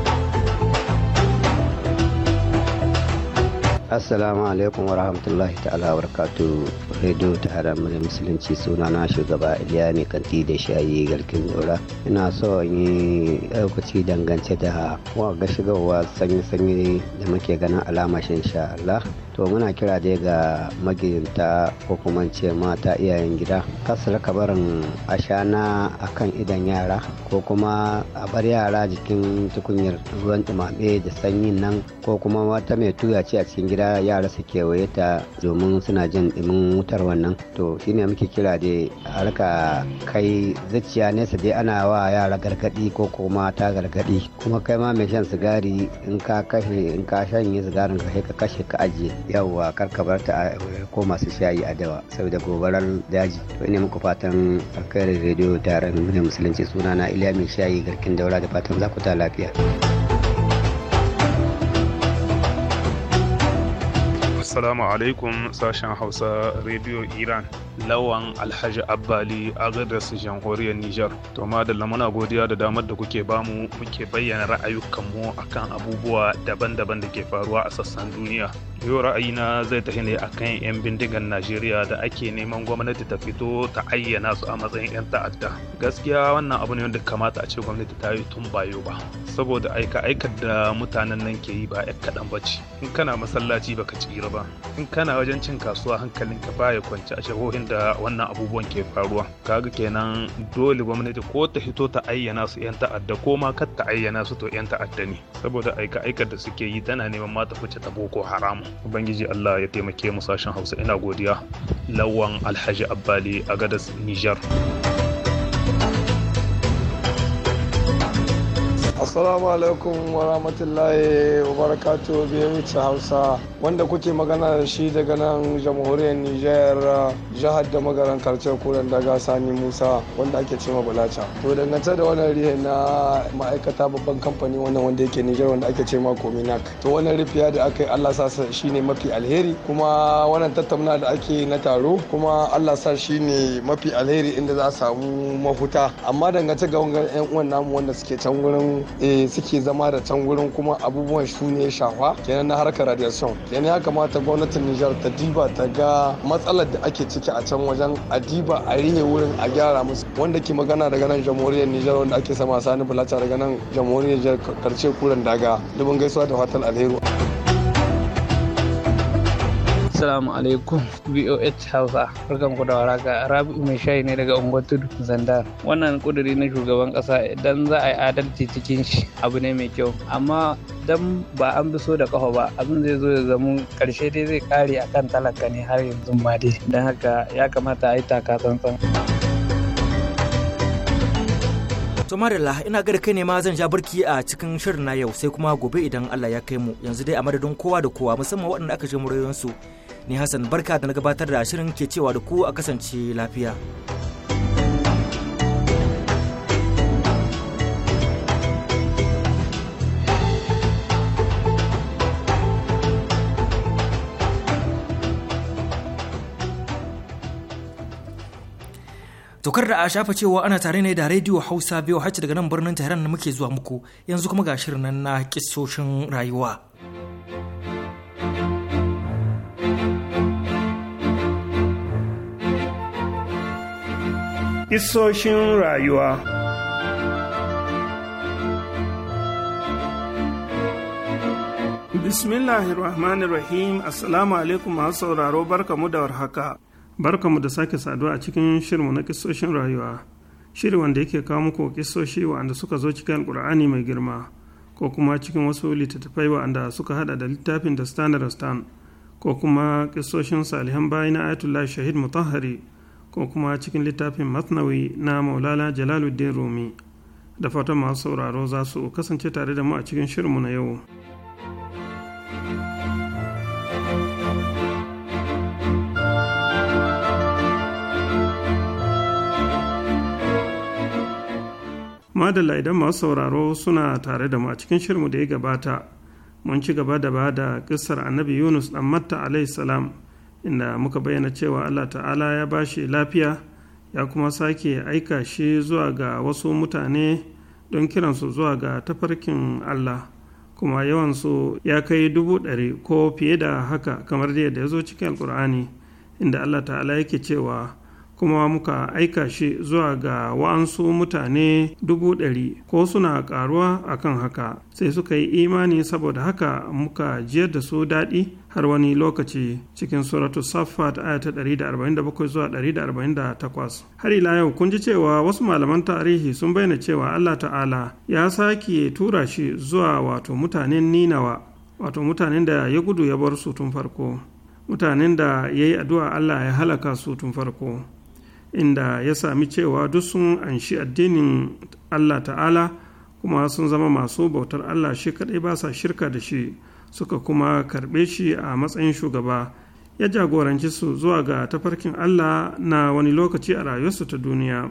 assalamu alaikum warahmatullahi ta'ala barkatu radio ta haramun musulunci suna na shugaba iliya ne kanti da shayi garkin dora ina so yi lokaci dangance da ga shigarwa sanyi-sanyi da muke ganin alama shi insha Allah to muna kira dai ga magidanta ko kuma ce mata iyayen gida kasar kabarin ashana akan idan yara ko kuma a bar yara jikin tukunyar ruwan dumame da sanyin nan ko kuma wata mai tuya a cikin gida yara su ke ta domin suna jin ɗimin wutar wannan to shine muke kira da harka kai zuciya nesa dai ana wa yara gargadi ko kuma ta gargadi kuma kai ma mai shan sigari in ka kashe in ka shanye sigarin ka ka kashe ka ajiye yawwa kar ka bar ta ko masu shayi a dawa saboda gobarar daji to ina muku fatan alkhairin rediyo taron musulunci sunana iliya mai shayi garkin daura da fatan za ku ta lafiya. assalamu alaikum sashen hausa radio iran lawan alhaji abbali agadas jamhuriyar Nijar. to da lamuna godiya da damar da kuke bamu muke bayyana ra'ayukanmu akan abubuwa daban-daban da ke faruwa a sassan duniya yau ra'ayina zai tafi ne akan 'yan bindigan najeriya da ake neman gwamnati ta fito ta ayyana su a matsayin 'yan ta'adda gaskiya wannan abu ne wanda kamata a ce gwamnati ta yi tun bayo ba saboda aika aikar da mutanen nan ke yi ba 'yan kaɗan ba ce in kana masallaci baka tsira ba in kana wajen cin kasuwa hankalin hankalinka ya kwanci a shahohin da wannan abubuwan ke faruwa kaga kenan dole gwamnati ko ta hito ta ayyana su yan ta'adda ko ma kar ta ayyana su to yan ta'adda ne saboda aika aikar da suke yi tana neman ma ta fice ta boko haram ubangiji Allah ya taimake mu sashen Hausa ina godiya lawan Alhaji Abbali a gadas Niger assalamu alaikum wa rahmatullahi wa barakatuh biyarci hausa wanda kuke magana da shi daga nan jamhuriyar niger jihar da magaran karce kuren daga sani musa wanda ake cewa bulacha to dangance da wannan rihe na ma'aikata babban kamfani wannan wanda yake niger wanda ake cewa kominak to wannan rifiya da aka yi allah sa shi ne mafi alheri kuma wannan tattauna da ake na taro kuma allah sa shi ne mafi alheri inda za a samu mafuta amma dangance ga wangan yan uwan namu wanda suke can wurin Eh, suke zama da can wurin kuma abubuwan su ne shafa kenan na harkar radiation kenan ya kamata gwamnatin Nijar ta diba ta ga matsalar da ake ciki a can wajen a diba a rihe wurin a gyara musu wanda ke magana daga nan jamhuriyar Nijar wanda ake sama sani bulata daga nan jamhuriyar Nijar karshe kuren daga dubin gaisuwa da fatan alheri. Assalamu alaikum BOH Hausa. Barkan ku da waraka. Rabi'u mai shayi ne daga Unguwar Tudu Zandar. Wannan kuduri na shugaban kasa idan za a yi adalci cikin shi abu ne mai kyau. Amma dan ba an bi so da kafa ba abin zai zo ya zama karshe dai zai kare akan talaka ne har yanzu ma dai. Don haka ya kamata a yi taka tsantsan. To Marilla, ina ga da kai ne ma zan ja birki a cikin shirin na yau sai kuma gobe idan Allah ya kai mu. Yanzu dai a madadin kowa da kowa musamman waɗanda aka je su ni hassan barka da na gabatar da shirin ke cewa da ku a kasance lafiya Tokar da a shafa cewa ana tare ne da rediyo Hausa biyu hacci daga nan birnin Tehran da muke zuwa muku yanzu kuma ga shirin na kisoshin rayuwa. Isoshin rayuwa Bismillahirrahmanirrahim Assalamu alaikum masu sauraro barkamu da warhaka. Barkamu da sake saduwa a cikin shirmu na kisoshin rayuwa. Shiri wanda yake kawo muku kisoshi wa'anda suka zo cikin kur'ani mai girma ko kuma cikin wasu littattafai wa'anda suka haɗa da littafin da stan ko kuma kisoshin salihan bayi na Ayatollah Shahid Mutahari ko kuma cikin littafin masnawi na maulana jalaluddin rumi da fatan masu sauraro za su kasance tare da mu a cikin shirinmu na yau. madalla idan masu sauraro suna tare da mu a cikin shirinmu da ya gabata mun ci gaba da ba da ƙisar annabi yunus dan matta salam inda muka bayyana cewa allah ta'ala ya ba shi lafiya ya kuma sake aika shi zuwa ga wasu mutane don kiransu zuwa ga tafarkin allah kuma yawansu ya kai dubu ɗari ko fiye da haka kamar da ya zo cikin alkur'ani inda allah ta'ala yake cewa kuma muka aika shi zuwa ga wa'ansu mutane dubu ɗari ko suna ƙaruwa kan haka sai suka yi imani saboda haka muka jiyar da su daɗi har wani lokaci cikin suratu saffat aya ta 147 zuwa 148 har ila yau kun ji cewa wasu malaman tarihi sun bayyana cewa allah ta'ala ya sake tura shi zuwa wato mutanen ninawa wato mutanen da ya gudu ya bar su tun farko mutanen da ya yi addu'a allah ya halaka su tun farko inda ya sami cewa duk sun anshi addinin Allah ta'ala kuma sun zama masu bautar Allah shi kaɗai ba sa shirka da shi suka kuma karɓe shi a matsayin shugaba ya jagoranci su zuwa ga tafarkin Allah na wani lokaci a rayuwarsu ta duniya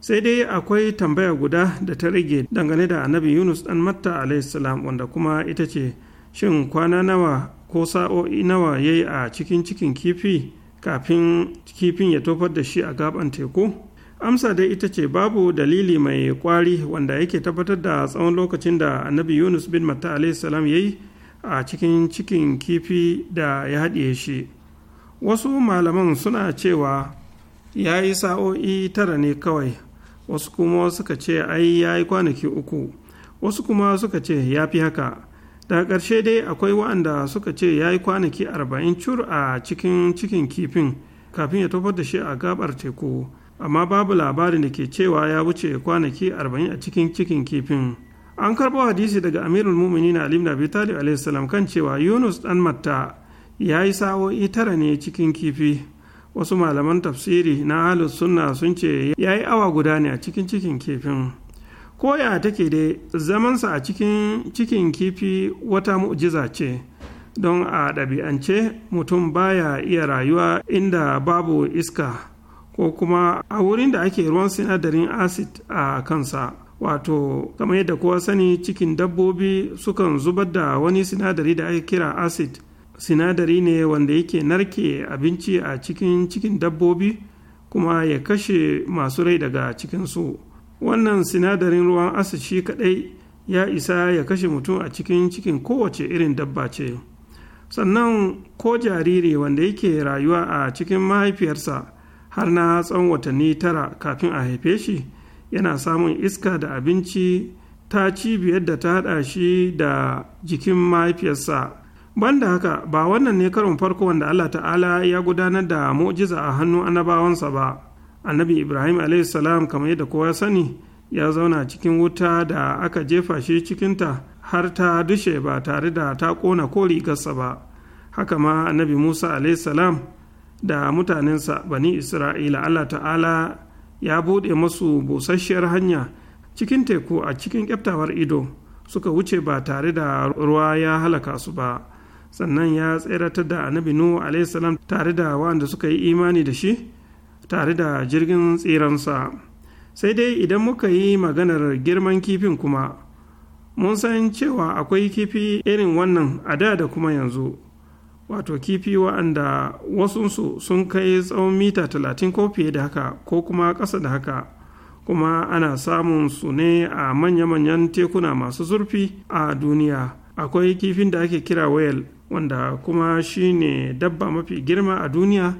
sai dai akwai tambaya guda da ta rage dangane da annabi yunus dan matta alaihissalam wanda kuma ita ce shin kwana nawa ko sa'o'i nawa ya yi a cikin cikin kifi kafin kifin ya tofar da shi a gaban teku amsa dai ita ce babu dalili mai kwari wanda yake tabbatar da tsawon lokacin da annabi yunus bin matta salam ya yi a cikin cikin kifi da ya haɗiye shi wasu malaman suna cewa ya yi sa'o'i tara ne kawai wasu kuma suka ce ai ya yi kwanaki uku wasu kuma suka ce ya fi haka da ƙarshe dai akwai wa'anda suka ce ya yi kwanaki arba'in cur a cikin cikin kifin kafin ya tofar da shi a gabar teku amma babu labarin da ke cewa ya wuce kwanaki arba'in a cikin cikin kifin an karɓo hadisi daga amirul mumini na alim abi talib alaihissalam kan cewa yunus dan matta ya yi sa'o'i tara ne cikin kifi wasu malaman tafsiri na halin sunna sun ce ya yi awa guda ne a cikin cikin kifin koya take dai zamansa a cikin cikin kifi wata mu'jiza ce don a ɗabi'ance mutum baya iya rayuwa inda babu iska ko kuma a wurin da ake ruwan sinadarin acid a kansa wato kamar yadda kowa sani cikin dabbobi sukan zubar da wani sinadari da ake kira acid sinadari ne wanda yake narke abinci a cikin cikin dabbobi kuma ya kashe masu rai daga cikinsu wannan sinadarin ruwan asa shi kaɗai ya isa ya kashe mutum a cikin cikin kowace irin dabba ce sannan ko jariri wanda yake rayuwa a cikin mahaifiyarsa har na tsawon watanni tara kafin a haife shi yana samun iska da abinci ta cibiyar da ta haɗa shi da jikin mahaifiyarsa banda haka ba wannan ne karin farko wanda allah ta'ala ya gudanar da mu'jiza a hannun annabawansa ba annabi ibrahim salam kamar yadda kowa sani ya zauna cikin wuta da aka jefa shi cikinta har ta dushe ba tare da ta kona ko rigarsa ba haka ma annabi musa salam da mutanensa bani isra'ila allah ta'ala ya buɗe masu busasshiyar hanya cikin teku a cikin kyaftawar ido suka wuce ba tare da ruwa ya halaka su ba sannan ya tseratar da annabi nuhu salam tare da waɗanda suka yi imani da shi tare da jirgin tsiransa sai dai idan muka yi maganar girman kifin kuma mun san cewa akwai kifi irin wannan a da da kuma yanzu wato kifi wa'anda wasunsu sun kai tsawon mita talatin ko fiye da haka ko kuma ƙasa da haka kuma ana samun su ne a manya-manyan tekuna masu zurfi a duniya akwai kifin da ake kira wayal wanda kuma shine dabba mafi girma a duniya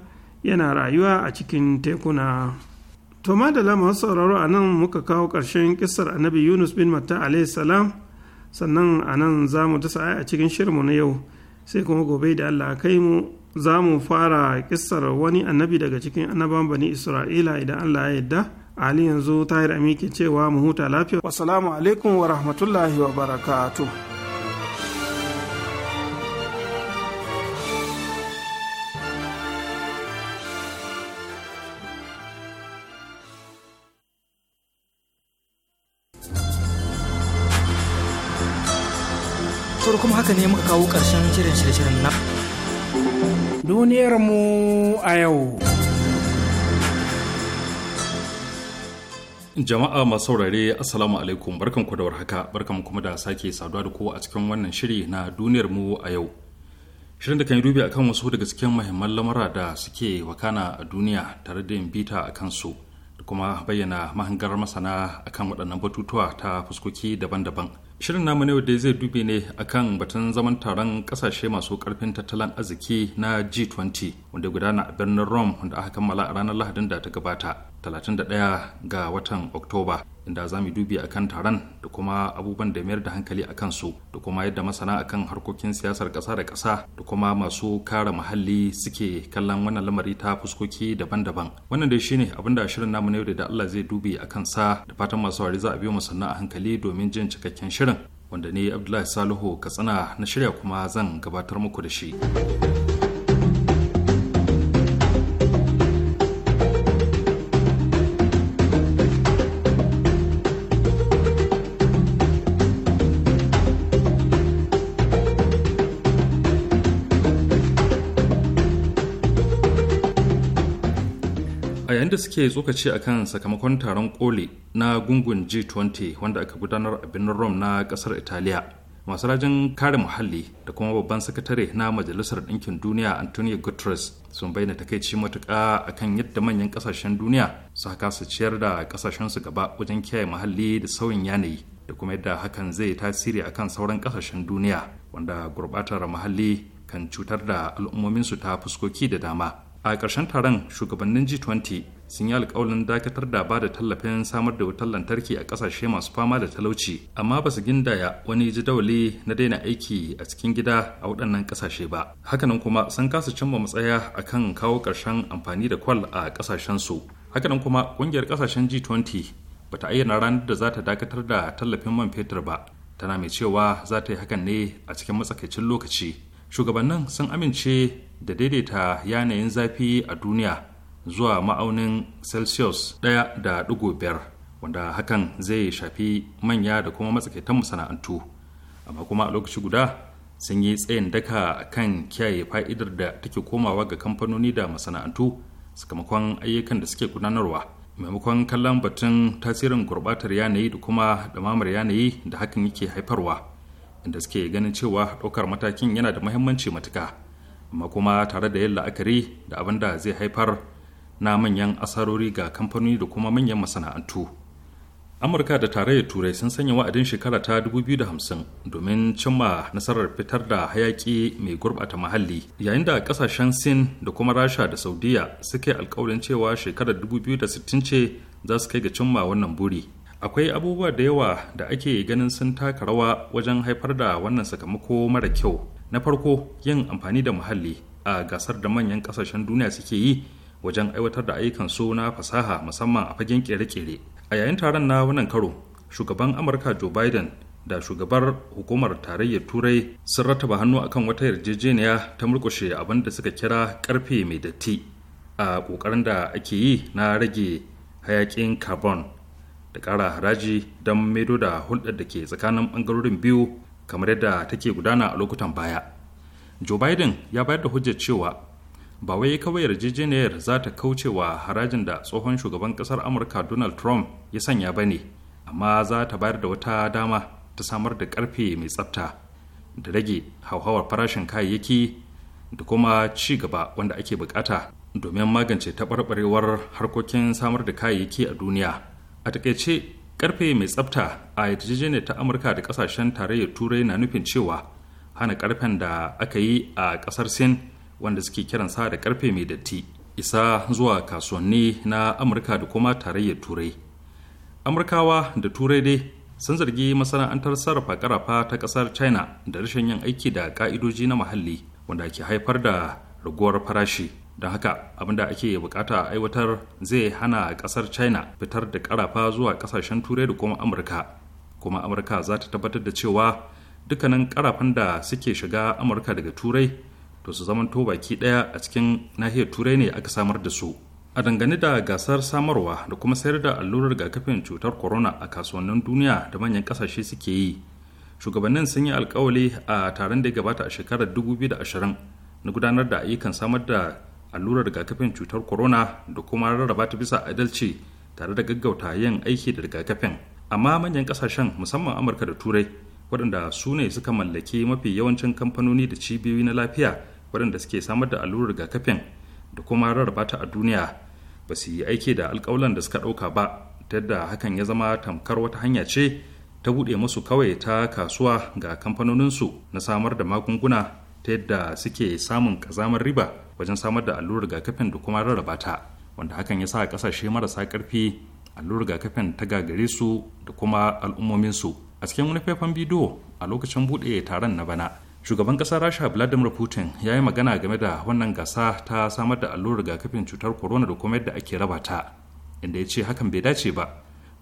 yana rayuwa a cikin tekuna to madala masu sauraro a nan muka kawo ƙarshen kisar annabi yunus bin matta alayhi salam sannan a nan za mu dasa a cikin shirinmu na yau sai kuma gobe da allah kai mu za mu fara kisar wani annabi daga cikin annaban bani isra'ila idan allah ya yadda a halin yanzu tahir ami ke cewa mu huta lafiya wasalamu alaikum wa rahmatullahi wa barakatuh kawo ƙarshen shirin shirin na duniyarmu a yau jama'a masu saurare assalamu alaikum barkanku da warhaka barkanku kuma da sake saduwa da kowa a cikin wannan shiri na duniyar mu a yau shirin da kan yi dubi akan wasu daga cikin mahimman lamura da suke wakana a duniya tare da yin bita a kansu da kuma bayyana mahangar masana akan waɗannan batutuwa ta fuskoki daban-daban shirin namu yau dai zai dube ne akan batun zaman taron kasashe masu karfin tattalin arziki na g20 wanda gudana a birnin rome wanda aka kammala a ranar lahadin da ta gabata 31 ga watan oktoba inda za mu dubi akan taron da kuma abubuwan da mayar da hankali a kansu da kuma yadda masana akan harkokin siyasar kasa da kasa da kuma masu kare muhalli suke kallon wannan lamari ta fuskoki daban-daban wannan dai shine abinda shirin namu na yau da Allah zai dubi a sa da fatan masu wari za a biyo mu a hankali domin jin cikakken shirin wanda ne Abdullahi Salihu Katsina na shirya kuma zan gabatar muku da shi. da suke tsokaci a kan sakamakon taron koli na gungun G20 wanda aka gudanar a birnin Rome na kasar Italiya. Masu rajin kare muhalli da kuma babban sakatare na Majalisar Ɗinkin Duniya Antonio Guterres sun bayyana takaici matuƙa a kan yadda manyan ƙasashen duniya su haka su ciyar da ƙasashensu gaba wajen kiyaye muhalli da sauyin yanayi da kuma yadda hakan zai yi tasiri a kan sauran ƙasashen duniya wanda gurɓatar muhalli kan cutar da su ta fuskoki da dama. a ƙarshen taron shugabannin g20 sun yi alkawalin dakatar da ba da tallafin samar da wutar lantarki a ƙasashe masu fama da talauci amma ba su gindaya wani jadawali na daina aiki a cikin gida a waɗannan ƙasashe ba hakanan kuma sun kasa cimma matsaya akan kawo ƙarshen amfani da kwal a ƙasashen su hakanan kuma ƙungiyar ƙasashen G20 ba ta ayyana ranar da za ta dakatar da tallafin man fetur ba tana mai cewa za ta yi hakan ne a cikin matsakaicin lokaci shugabannin sun amince da daidaita yanayin zafi a duniya zuwa ma'aunin celsius 1.5 wanda hakan zai shafi manya da kuma matsakaitan masana'antu amma kuma a lokaci guda sun yi tsayin daka kan kiyaye fa'idar da take komawa ga kamfanoni da masana'antu sakamakon ayyukan da suke gudanarwa maimakon kallon batun tasirin gurbatar yanayi da kuma damamar yanayi da hakan yake haifarwa inda suke ganin cewa ɗaukar matakin yana da muhimmanci matuka amma kuma tare da yin la'akari da abin da zai haifar na manyan asarori ga kamfanoni da kuma manyan masana'antu amurka da tarayyar turai sun sanya wa'adin shekara ta 2050 domin cimma nasarar fitar da hayaki mai gurbata muhalli yayin da kasashen sin da kuma rasha da saudiya suke alkawarin cewa shekarar 2060 ce za su kai ga cimma wannan buri akwai abubuwa da yawa da ake ganin sun taka rawa wajen haifar da wannan sakamako mara kyau na farko yin amfani da muhalli a gasar da manyan kasashen duniya suke yi wajen aiwatar da ayyukan su na fasaha musamman a fagen kere-kere a yayin taron na wannan karo shugaban amurka joe biden da shugabar hukumar tarayyar turai sun rataba hannu akan wata yarjejeniya ta murkushe abin da suka kira karfe mai datti a kokarin da ake yi na rage hayakin carbon da ƙara haraji don maido da hulɗar da ke tsakanin ɓangarorin biyu kamar yadda take gudana a lokutan baya joe biden ya bayar da hujjar cewa ba wai kawai yarjejeniyar za ta kauce wa harajin da tsohon shugaban kasar amurka donald trump ya sanya ba ne amma za ta bayar da wata dama ta samar da karfe mai tsafta da rage hauhawar farashin kayayyaki da kuma ci gaba wanda ake bukata domin magance taɓarɓarewar harkokin samar da kayayyaki a duniya a takaice karfe mai tsafta a yarjejeniyar ta amurka da kasashen tarayyar turai na nufin cewa hana karfen da aka yi a kasar sin wanda suke kiransa da karfe mai datti isa zuwa kasuwanni na amurka da kuma tarayyar turai amurkawa da turai dai sun zargi masana'antar sarrafa karafa ta kasar china da rashin yin aiki da ka'idoji na muhalli wanda ke haifar da raguwar farashi don haka abin da ake bukata a aiwatar zai hana kasar china fitar da karafa zuwa kasashen turai da kuma amurka kuma amurka za ta tabbatar da cewa dukkanin karafan da suke shiga amurka daga turai to su zamanto baki ɗaya a cikin nahiyar turai ne aka samar da su a dangane da gasar samarwa da kuma sayar da allurar rigakafin cutar corona a kasuwannin duniya da manyan kasashe suke yi shugabannin sun yi alkawali a taron da ya gabata a shekarar 2020 na gudanar da ayyukan samar da allurar rigakafin cutar corona da kuma rarraba ta bisa adalci tare da gaggauta yin aiki da rigakafin amma manyan kasashen musamman amurka da turai waɗanda su ne suka mallaki mafi yawancin kamfanoni da cibiyoyi na lafiya waɗanda suke samar da allurar rigakafin da kuma rarraba ta a duniya ba su yi aiki da alkawalan da suka ɗauka ba ta yadda hakan ya zama tamkar wata hanya ce ta buɗe musu kawai ta kasuwa ga kamfanoninsu na samar da magunguna ta yadda suke samun ƙazamar riba wajen samar da allurar rigakafin da kuma rarraba ta wanda hakan ya sa ƙasashe marasa ƙarfi allurar rigakafin ta gagare su da kuma al'ummominsu a cikin wani faifan bidiyo a lokacin buɗe taron na bana shugaban ƙasar rasha vladimir putin ya yi magana game da wannan gasa ta samar da allurar rigakafin cutar corona da kuma yadda ake raba ta inda ya ce hakan bai dace ba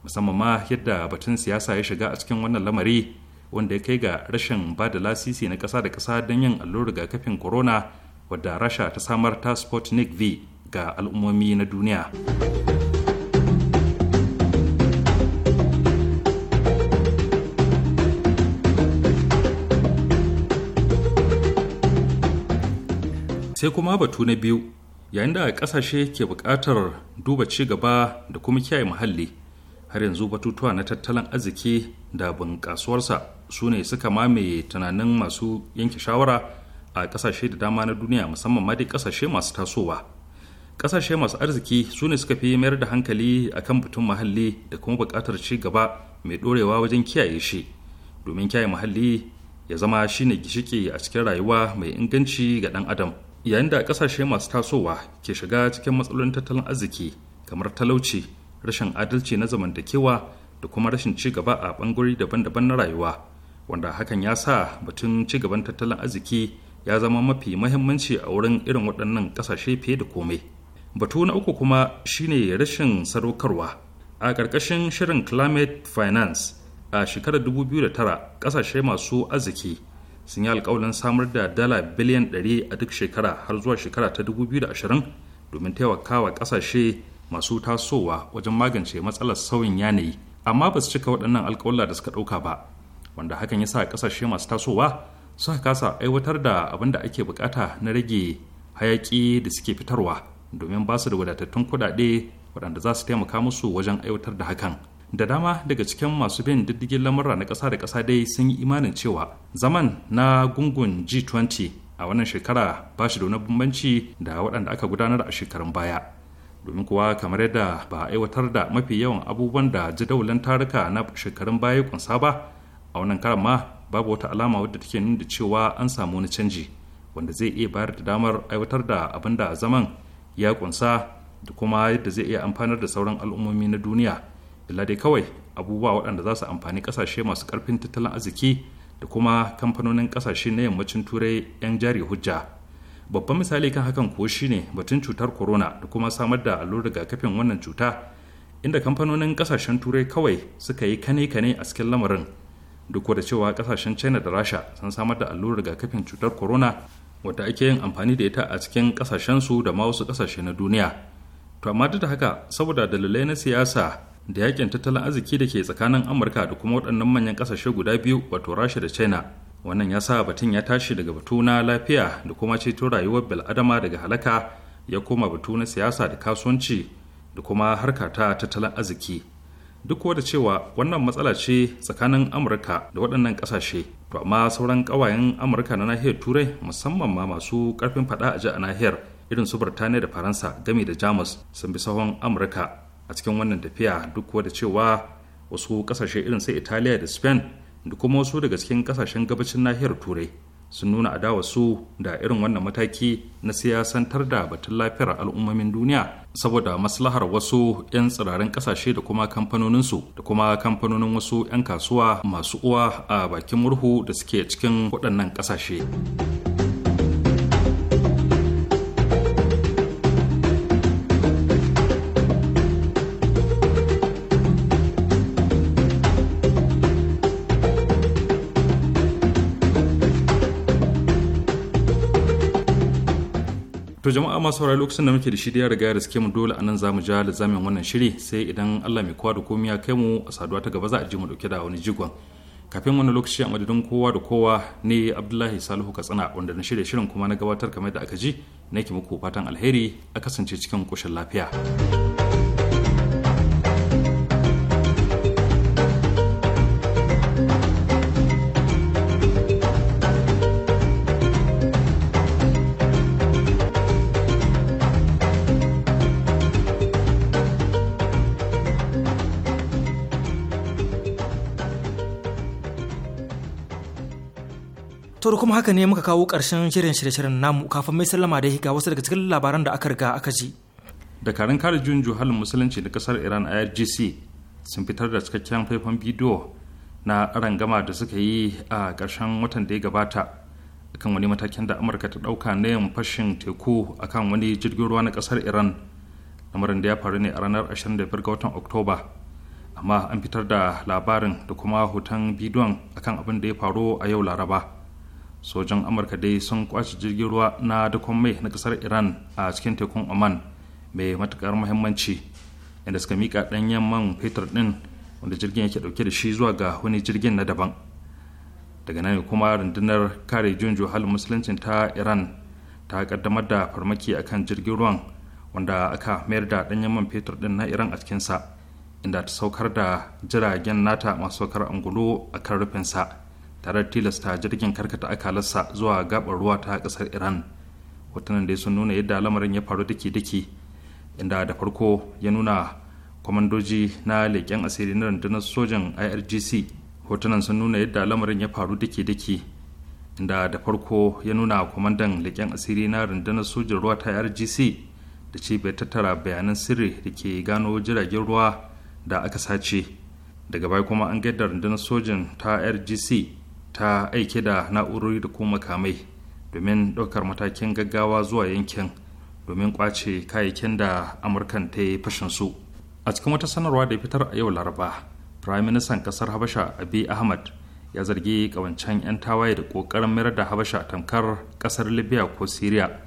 musamman ma yadda batun siyasa ya shiga a cikin wannan lamari wanda ya kai ga rashin ba da lasisi na kasa da kasa don yin allurar rigakafin corona wadda rasha ta samar ta sputnik v ga al'ummomi na duniya. sai kuma batu na biyu yayin da ƙasashe ke buƙatar duba ci gaba da kuma kiyaye muhalli har yanzu batutuwa na tattalin arziki da bunƙasuwarsa su ne suka mamaye tunanin masu yanke shawara a ƙasashe da dama na duniya musamman ma dai ƙasashe masu tasowa ƙasashe masu arziki su ne suka fi mayar da hankali akan batun muhalli da kuma buƙatar ci gaba mai ɗorewa wajen kiyaye shi domin kiyaye muhalli ya zama shine gishiki a cikin rayuwa mai inganci ga ɗan adam yayin da kasashe masu tasowa ke shiga cikin matsalolin tattalin arziki kamar talauci rashin adalci na zamantakewa da kuma rashin ci gaba a ɓangare daban-daban na rayuwa wanda hakan ya sa batun ci gaban tattalin arziki ya zama mafi mahimmanci a wurin irin waɗannan ƙasashe fiye da komai batu na uku kuma shine rashin sadaukarwa a ƙarƙashin shirin climate finance a shekarar 2009 ƙasashe masu arziki sun yi alkawalin samar da dala biliyan 100 a duk shekara har zuwa shekara ta 2020 domin taimakawa kasashe masu tasowa wajen magance matsalar sauyin yanayi amma ba su cika waɗannan alkawalla da suka ɗauka ba wanda hakan ya sa kasashe masu tasowa suka kasa aiwatar da abin da ake bukata na rage hayaƙi da suke fitarwa domin ba su da wadatattun kuɗaɗe waɗanda za su taimaka musu wajen aiwatar da hakan. da dama daga cikin masu bin diddigin lamurra na kasa da kasa dai sun yi imanin cewa zaman na gungun g20 a wannan shekara ba shi da wani bambanci da waɗanda aka gudanar a shekarun baya domin kuwa kamar yadda ba a aiwatar da mafi yawan abubuwan da jadawalin taruka na shekarun baya kunsa ba a wannan karan ma babu wata alama wadda take nuna cewa an samu wani canji wanda zai iya bayar da damar aiwatar da abin da zaman ya kunsa da kuma yadda zai iya amfanar da sauran al'ummomi na duniya illa dai kawai abubuwa waɗanda za su amfani ƙasashe masu ƙarfin tattalin arziki da kuma kamfanonin ƙasashe na yammacin turai 'yan jari hujja babban misali kan hakan shi ne batun cutar corona da kuma samar da allurar rigakafin wannan cuta inda kamfanonin ƙasashen turai kawai suka yi kane-kane a cikin lamarin duk da cewa ƙasashen china da rasha sun samar da allurar rigakafin cutar corona wadda ake yin amfani da ita a cikin su da ma wasu ƙasashe na duniya to amma duk da haka saboda dalilai na siyasa da yakin tattalin arziki da ke tsakanin amurka da kuma waɗannan manyan ƙasashe guda biyu wato rasha da china wannan ya sa batun ya tashi daga batu na lafiya da kuma ceto rayuwar bil'adama daga halaka ya koma batu na siyasa da kasuwanci da kuma harka ta tattalin arziki duk da cewa wannan matsala ce tsakanin amurka da waɗannan ƙasashe to amma sauran ƙawayen amurka na nahiyar turai musamman ma masu ƙarfin faɗa a ji a nahiyar irin su birtaniya da faransa gami da jamus sun bi sahon amurka a cikin wannan tafiya duk da cewa wasu kasashe irin sai italiya da spain da kuma wasu daga cikin kasashen gabacin nahiyar turai sun nuna adawa su da irin wannan mataki na siyasantar da batun lafiyar al'ummomin duniya saboda maslahar wasu 'yan tsirarin kasashe da kuma kamfanoninsu da kuma kamfanonin wasu 'yan kasuwa masu uwa a bakin murhu da suke cikin waɗannan kasashe. to jama'a masu saurari lokacin da muke da shi da ya riga da suke mu dole anan zamu ja lizamin wannan shiri sai idan Allah mai kowa da komai ya kai mu a saduwa ta gaba za a ji mu dauke da wani jigon kafin wani lokaci a madadin kowa da kowa ne Abdullahi Salihu Katsina wanda na shirya shirin kuma na gabatar kamar da aka ji nake muku fatan alheri a kasance cikin koshin lafiya. kuma haka ne muka kawo ƙarshen shirin shirye-shiryen namu kafin mai sallama da ga wasu daga cikin labaran da aka riga aka ji. Dakarun kare juyin juhalin musulunci na kasar Iran IRGC sun fitar da cikakken faifan bidiyo na rangama da suka yi a ƙarshen watan da ya gabata akan wani matakin da Amurka ta ɗauka na yin fashin teku akan wani jirgin ruwa na kasar Iran. Lamarin da ya faru ne a ranar 25 ga watan Oktoba. Amma an fitar da labarin da kuma hoton bidiyon akan abin da ya faru a yau Laraba. sojan amurka dai sun kwace jirgin ruwa na dakon mai na kasar iran a cikin tekun oman mai matukar muhimmanci inda suka mika ɗanyen man fetur ɗin wanda jirgin yake ɗauke da shi zuwa ga wani jirgin na daban daga nan kuma rundunar kare junjo halin musuluncin ta iran ta kaddamar da farmaki akan jirgin ruwan wanda aka mayar da ɗanyen man fetur ɗin na iran a cikinsa inda ta saukar da jiragen nata masu saukar angulo akan rufinsa tare da tilasta jirgin karkata akalarsa zuwa gabar ruwa ta kasar iran hotunan da sun nuna yadda lamarin ya faru dake dake inda da farko ya nuna kwamandoji na leƙen asiri na rundunar sojan irgc hotunan sun nuna yadda lamarin ya faru dake dake inda da farko ya nuna kwamandan leƙen asiri na rundunar sojan ruwa ta irgc da cibiyar tattara bayanan sirri da ke gano jiragen ruwa da aka sace daga baya kuma an gaida rundunar sojan ta rgc ta aike da na'urori da kuma makamai domin ɗaukar matakin gaggawa zuwa yankin domin kwace kayayyakin da amurkan ta yi fashin su a cikin wata sanarwa da fitar a yau laraba prime minister kasar habasha abi ahmad ya zargi kawancan 'yan tawaye da kokarin mayar da habasha tamkar kasar libya ko syria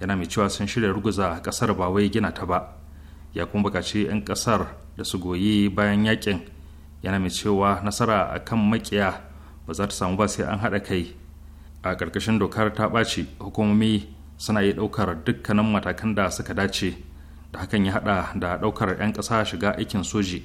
yana mai cewa sun shirya ruguza kasar ba wai gina ta ba ya kuma bukaci 'yan kasar da su goyi bayan yakin yana mai cewa nasara akan makiya ba za ta samu ba sai an haɗa kai a ƙarƙashin dokar ta ɓaci hukumomi suna iya ɗaukar dukkanin matakan da suka dace da hakan ya haɗa da ɗaukar 'yan ƙasa shiga aikin soji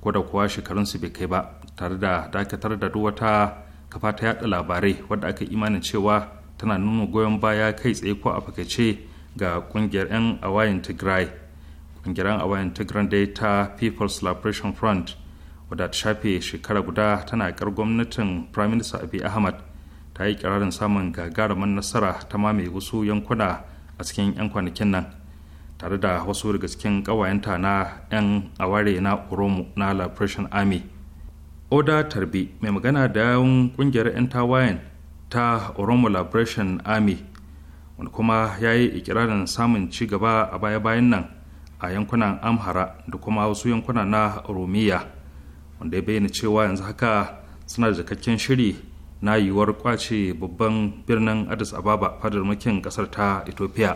ko da kuwa shekarunsu bai kai ba tare da dakatar da duk wata kafa ta yaɗa labarai wadda aka imanin cewa tana nuna goyon baya kai tsaye ko a fakaice ga ƙungiyar 'yan awayin tigray ƙungiyar 'yan awayin tigray ta people's liberation front wadda ta shafe shekara guda tana kar gwamnatin prime minister abiy ahmad ta yi kirarin samun gagarumin nasara ta mamaye wasu yankuna a cikin 'yan kwanakin nan tare da wasu daga cikin ƙawayenta na 'yan aware na oromo na liberation army oda tarbi mai magana da yawon kungiyar 'yan tawayen ta oromo liberation army wani kuma ya yi ikirarin samun ci gaba a baya-bayan nan a yankunan amhara da kuma wasu yankuna na oromiya wanda ya bayyana cewa yanzu haka suna da cikakken shiri na yiwuwar kwace babban birnin addis ababa fadarmakin kasar ta ethiopia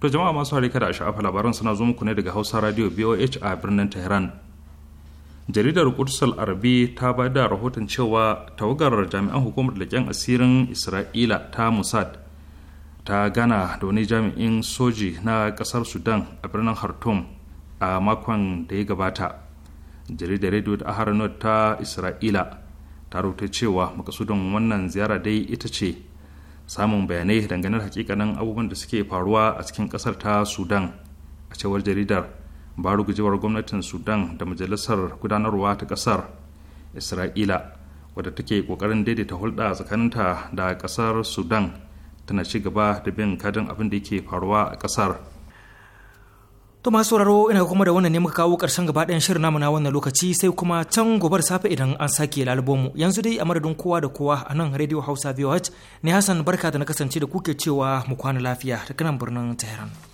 to jama'a masu harika da sha'afa labaran suna zo muku ne daga hausa radio boh a birnin tehran jaridar kudsal arabi ta ba da rahoton cewa tawagar jami'an hukumar leƙen asirin isra'ila ta mossad ta gana da wani jami'in soji na ƙasar sudan a birnin khartoum a makon da ya gabata jaridar radio da aharanot ta isra'ila ta rute cewa makasudin wannan ziyara dai ita ce samun bayanai dangane da hakikanin abubuwan da suke faruwa a cikin kasar ta sudan a cewar jaridar ba gujewar gwamnatin sudan da majalisar gudanarwa ta kasar isra'ila wadda take kokarin daidaita hulɗa tsakaninta da kasar sudan tana ci gaba da bin kadin abin da yake faruwa a kasar To masu sauraro ina kuma da wannan ne muka kawo ƙarshen gaba ɗayan shirin namu na wannan lokaci sai kuma can gobar safe idan an sake lalubo Yanzu dai a madadin kowa da kowa a nan Radio Hausa VOH ne Hassan barka da na kasance da kuke cewa mu kwana lafiya daga kanan birnin Tehran.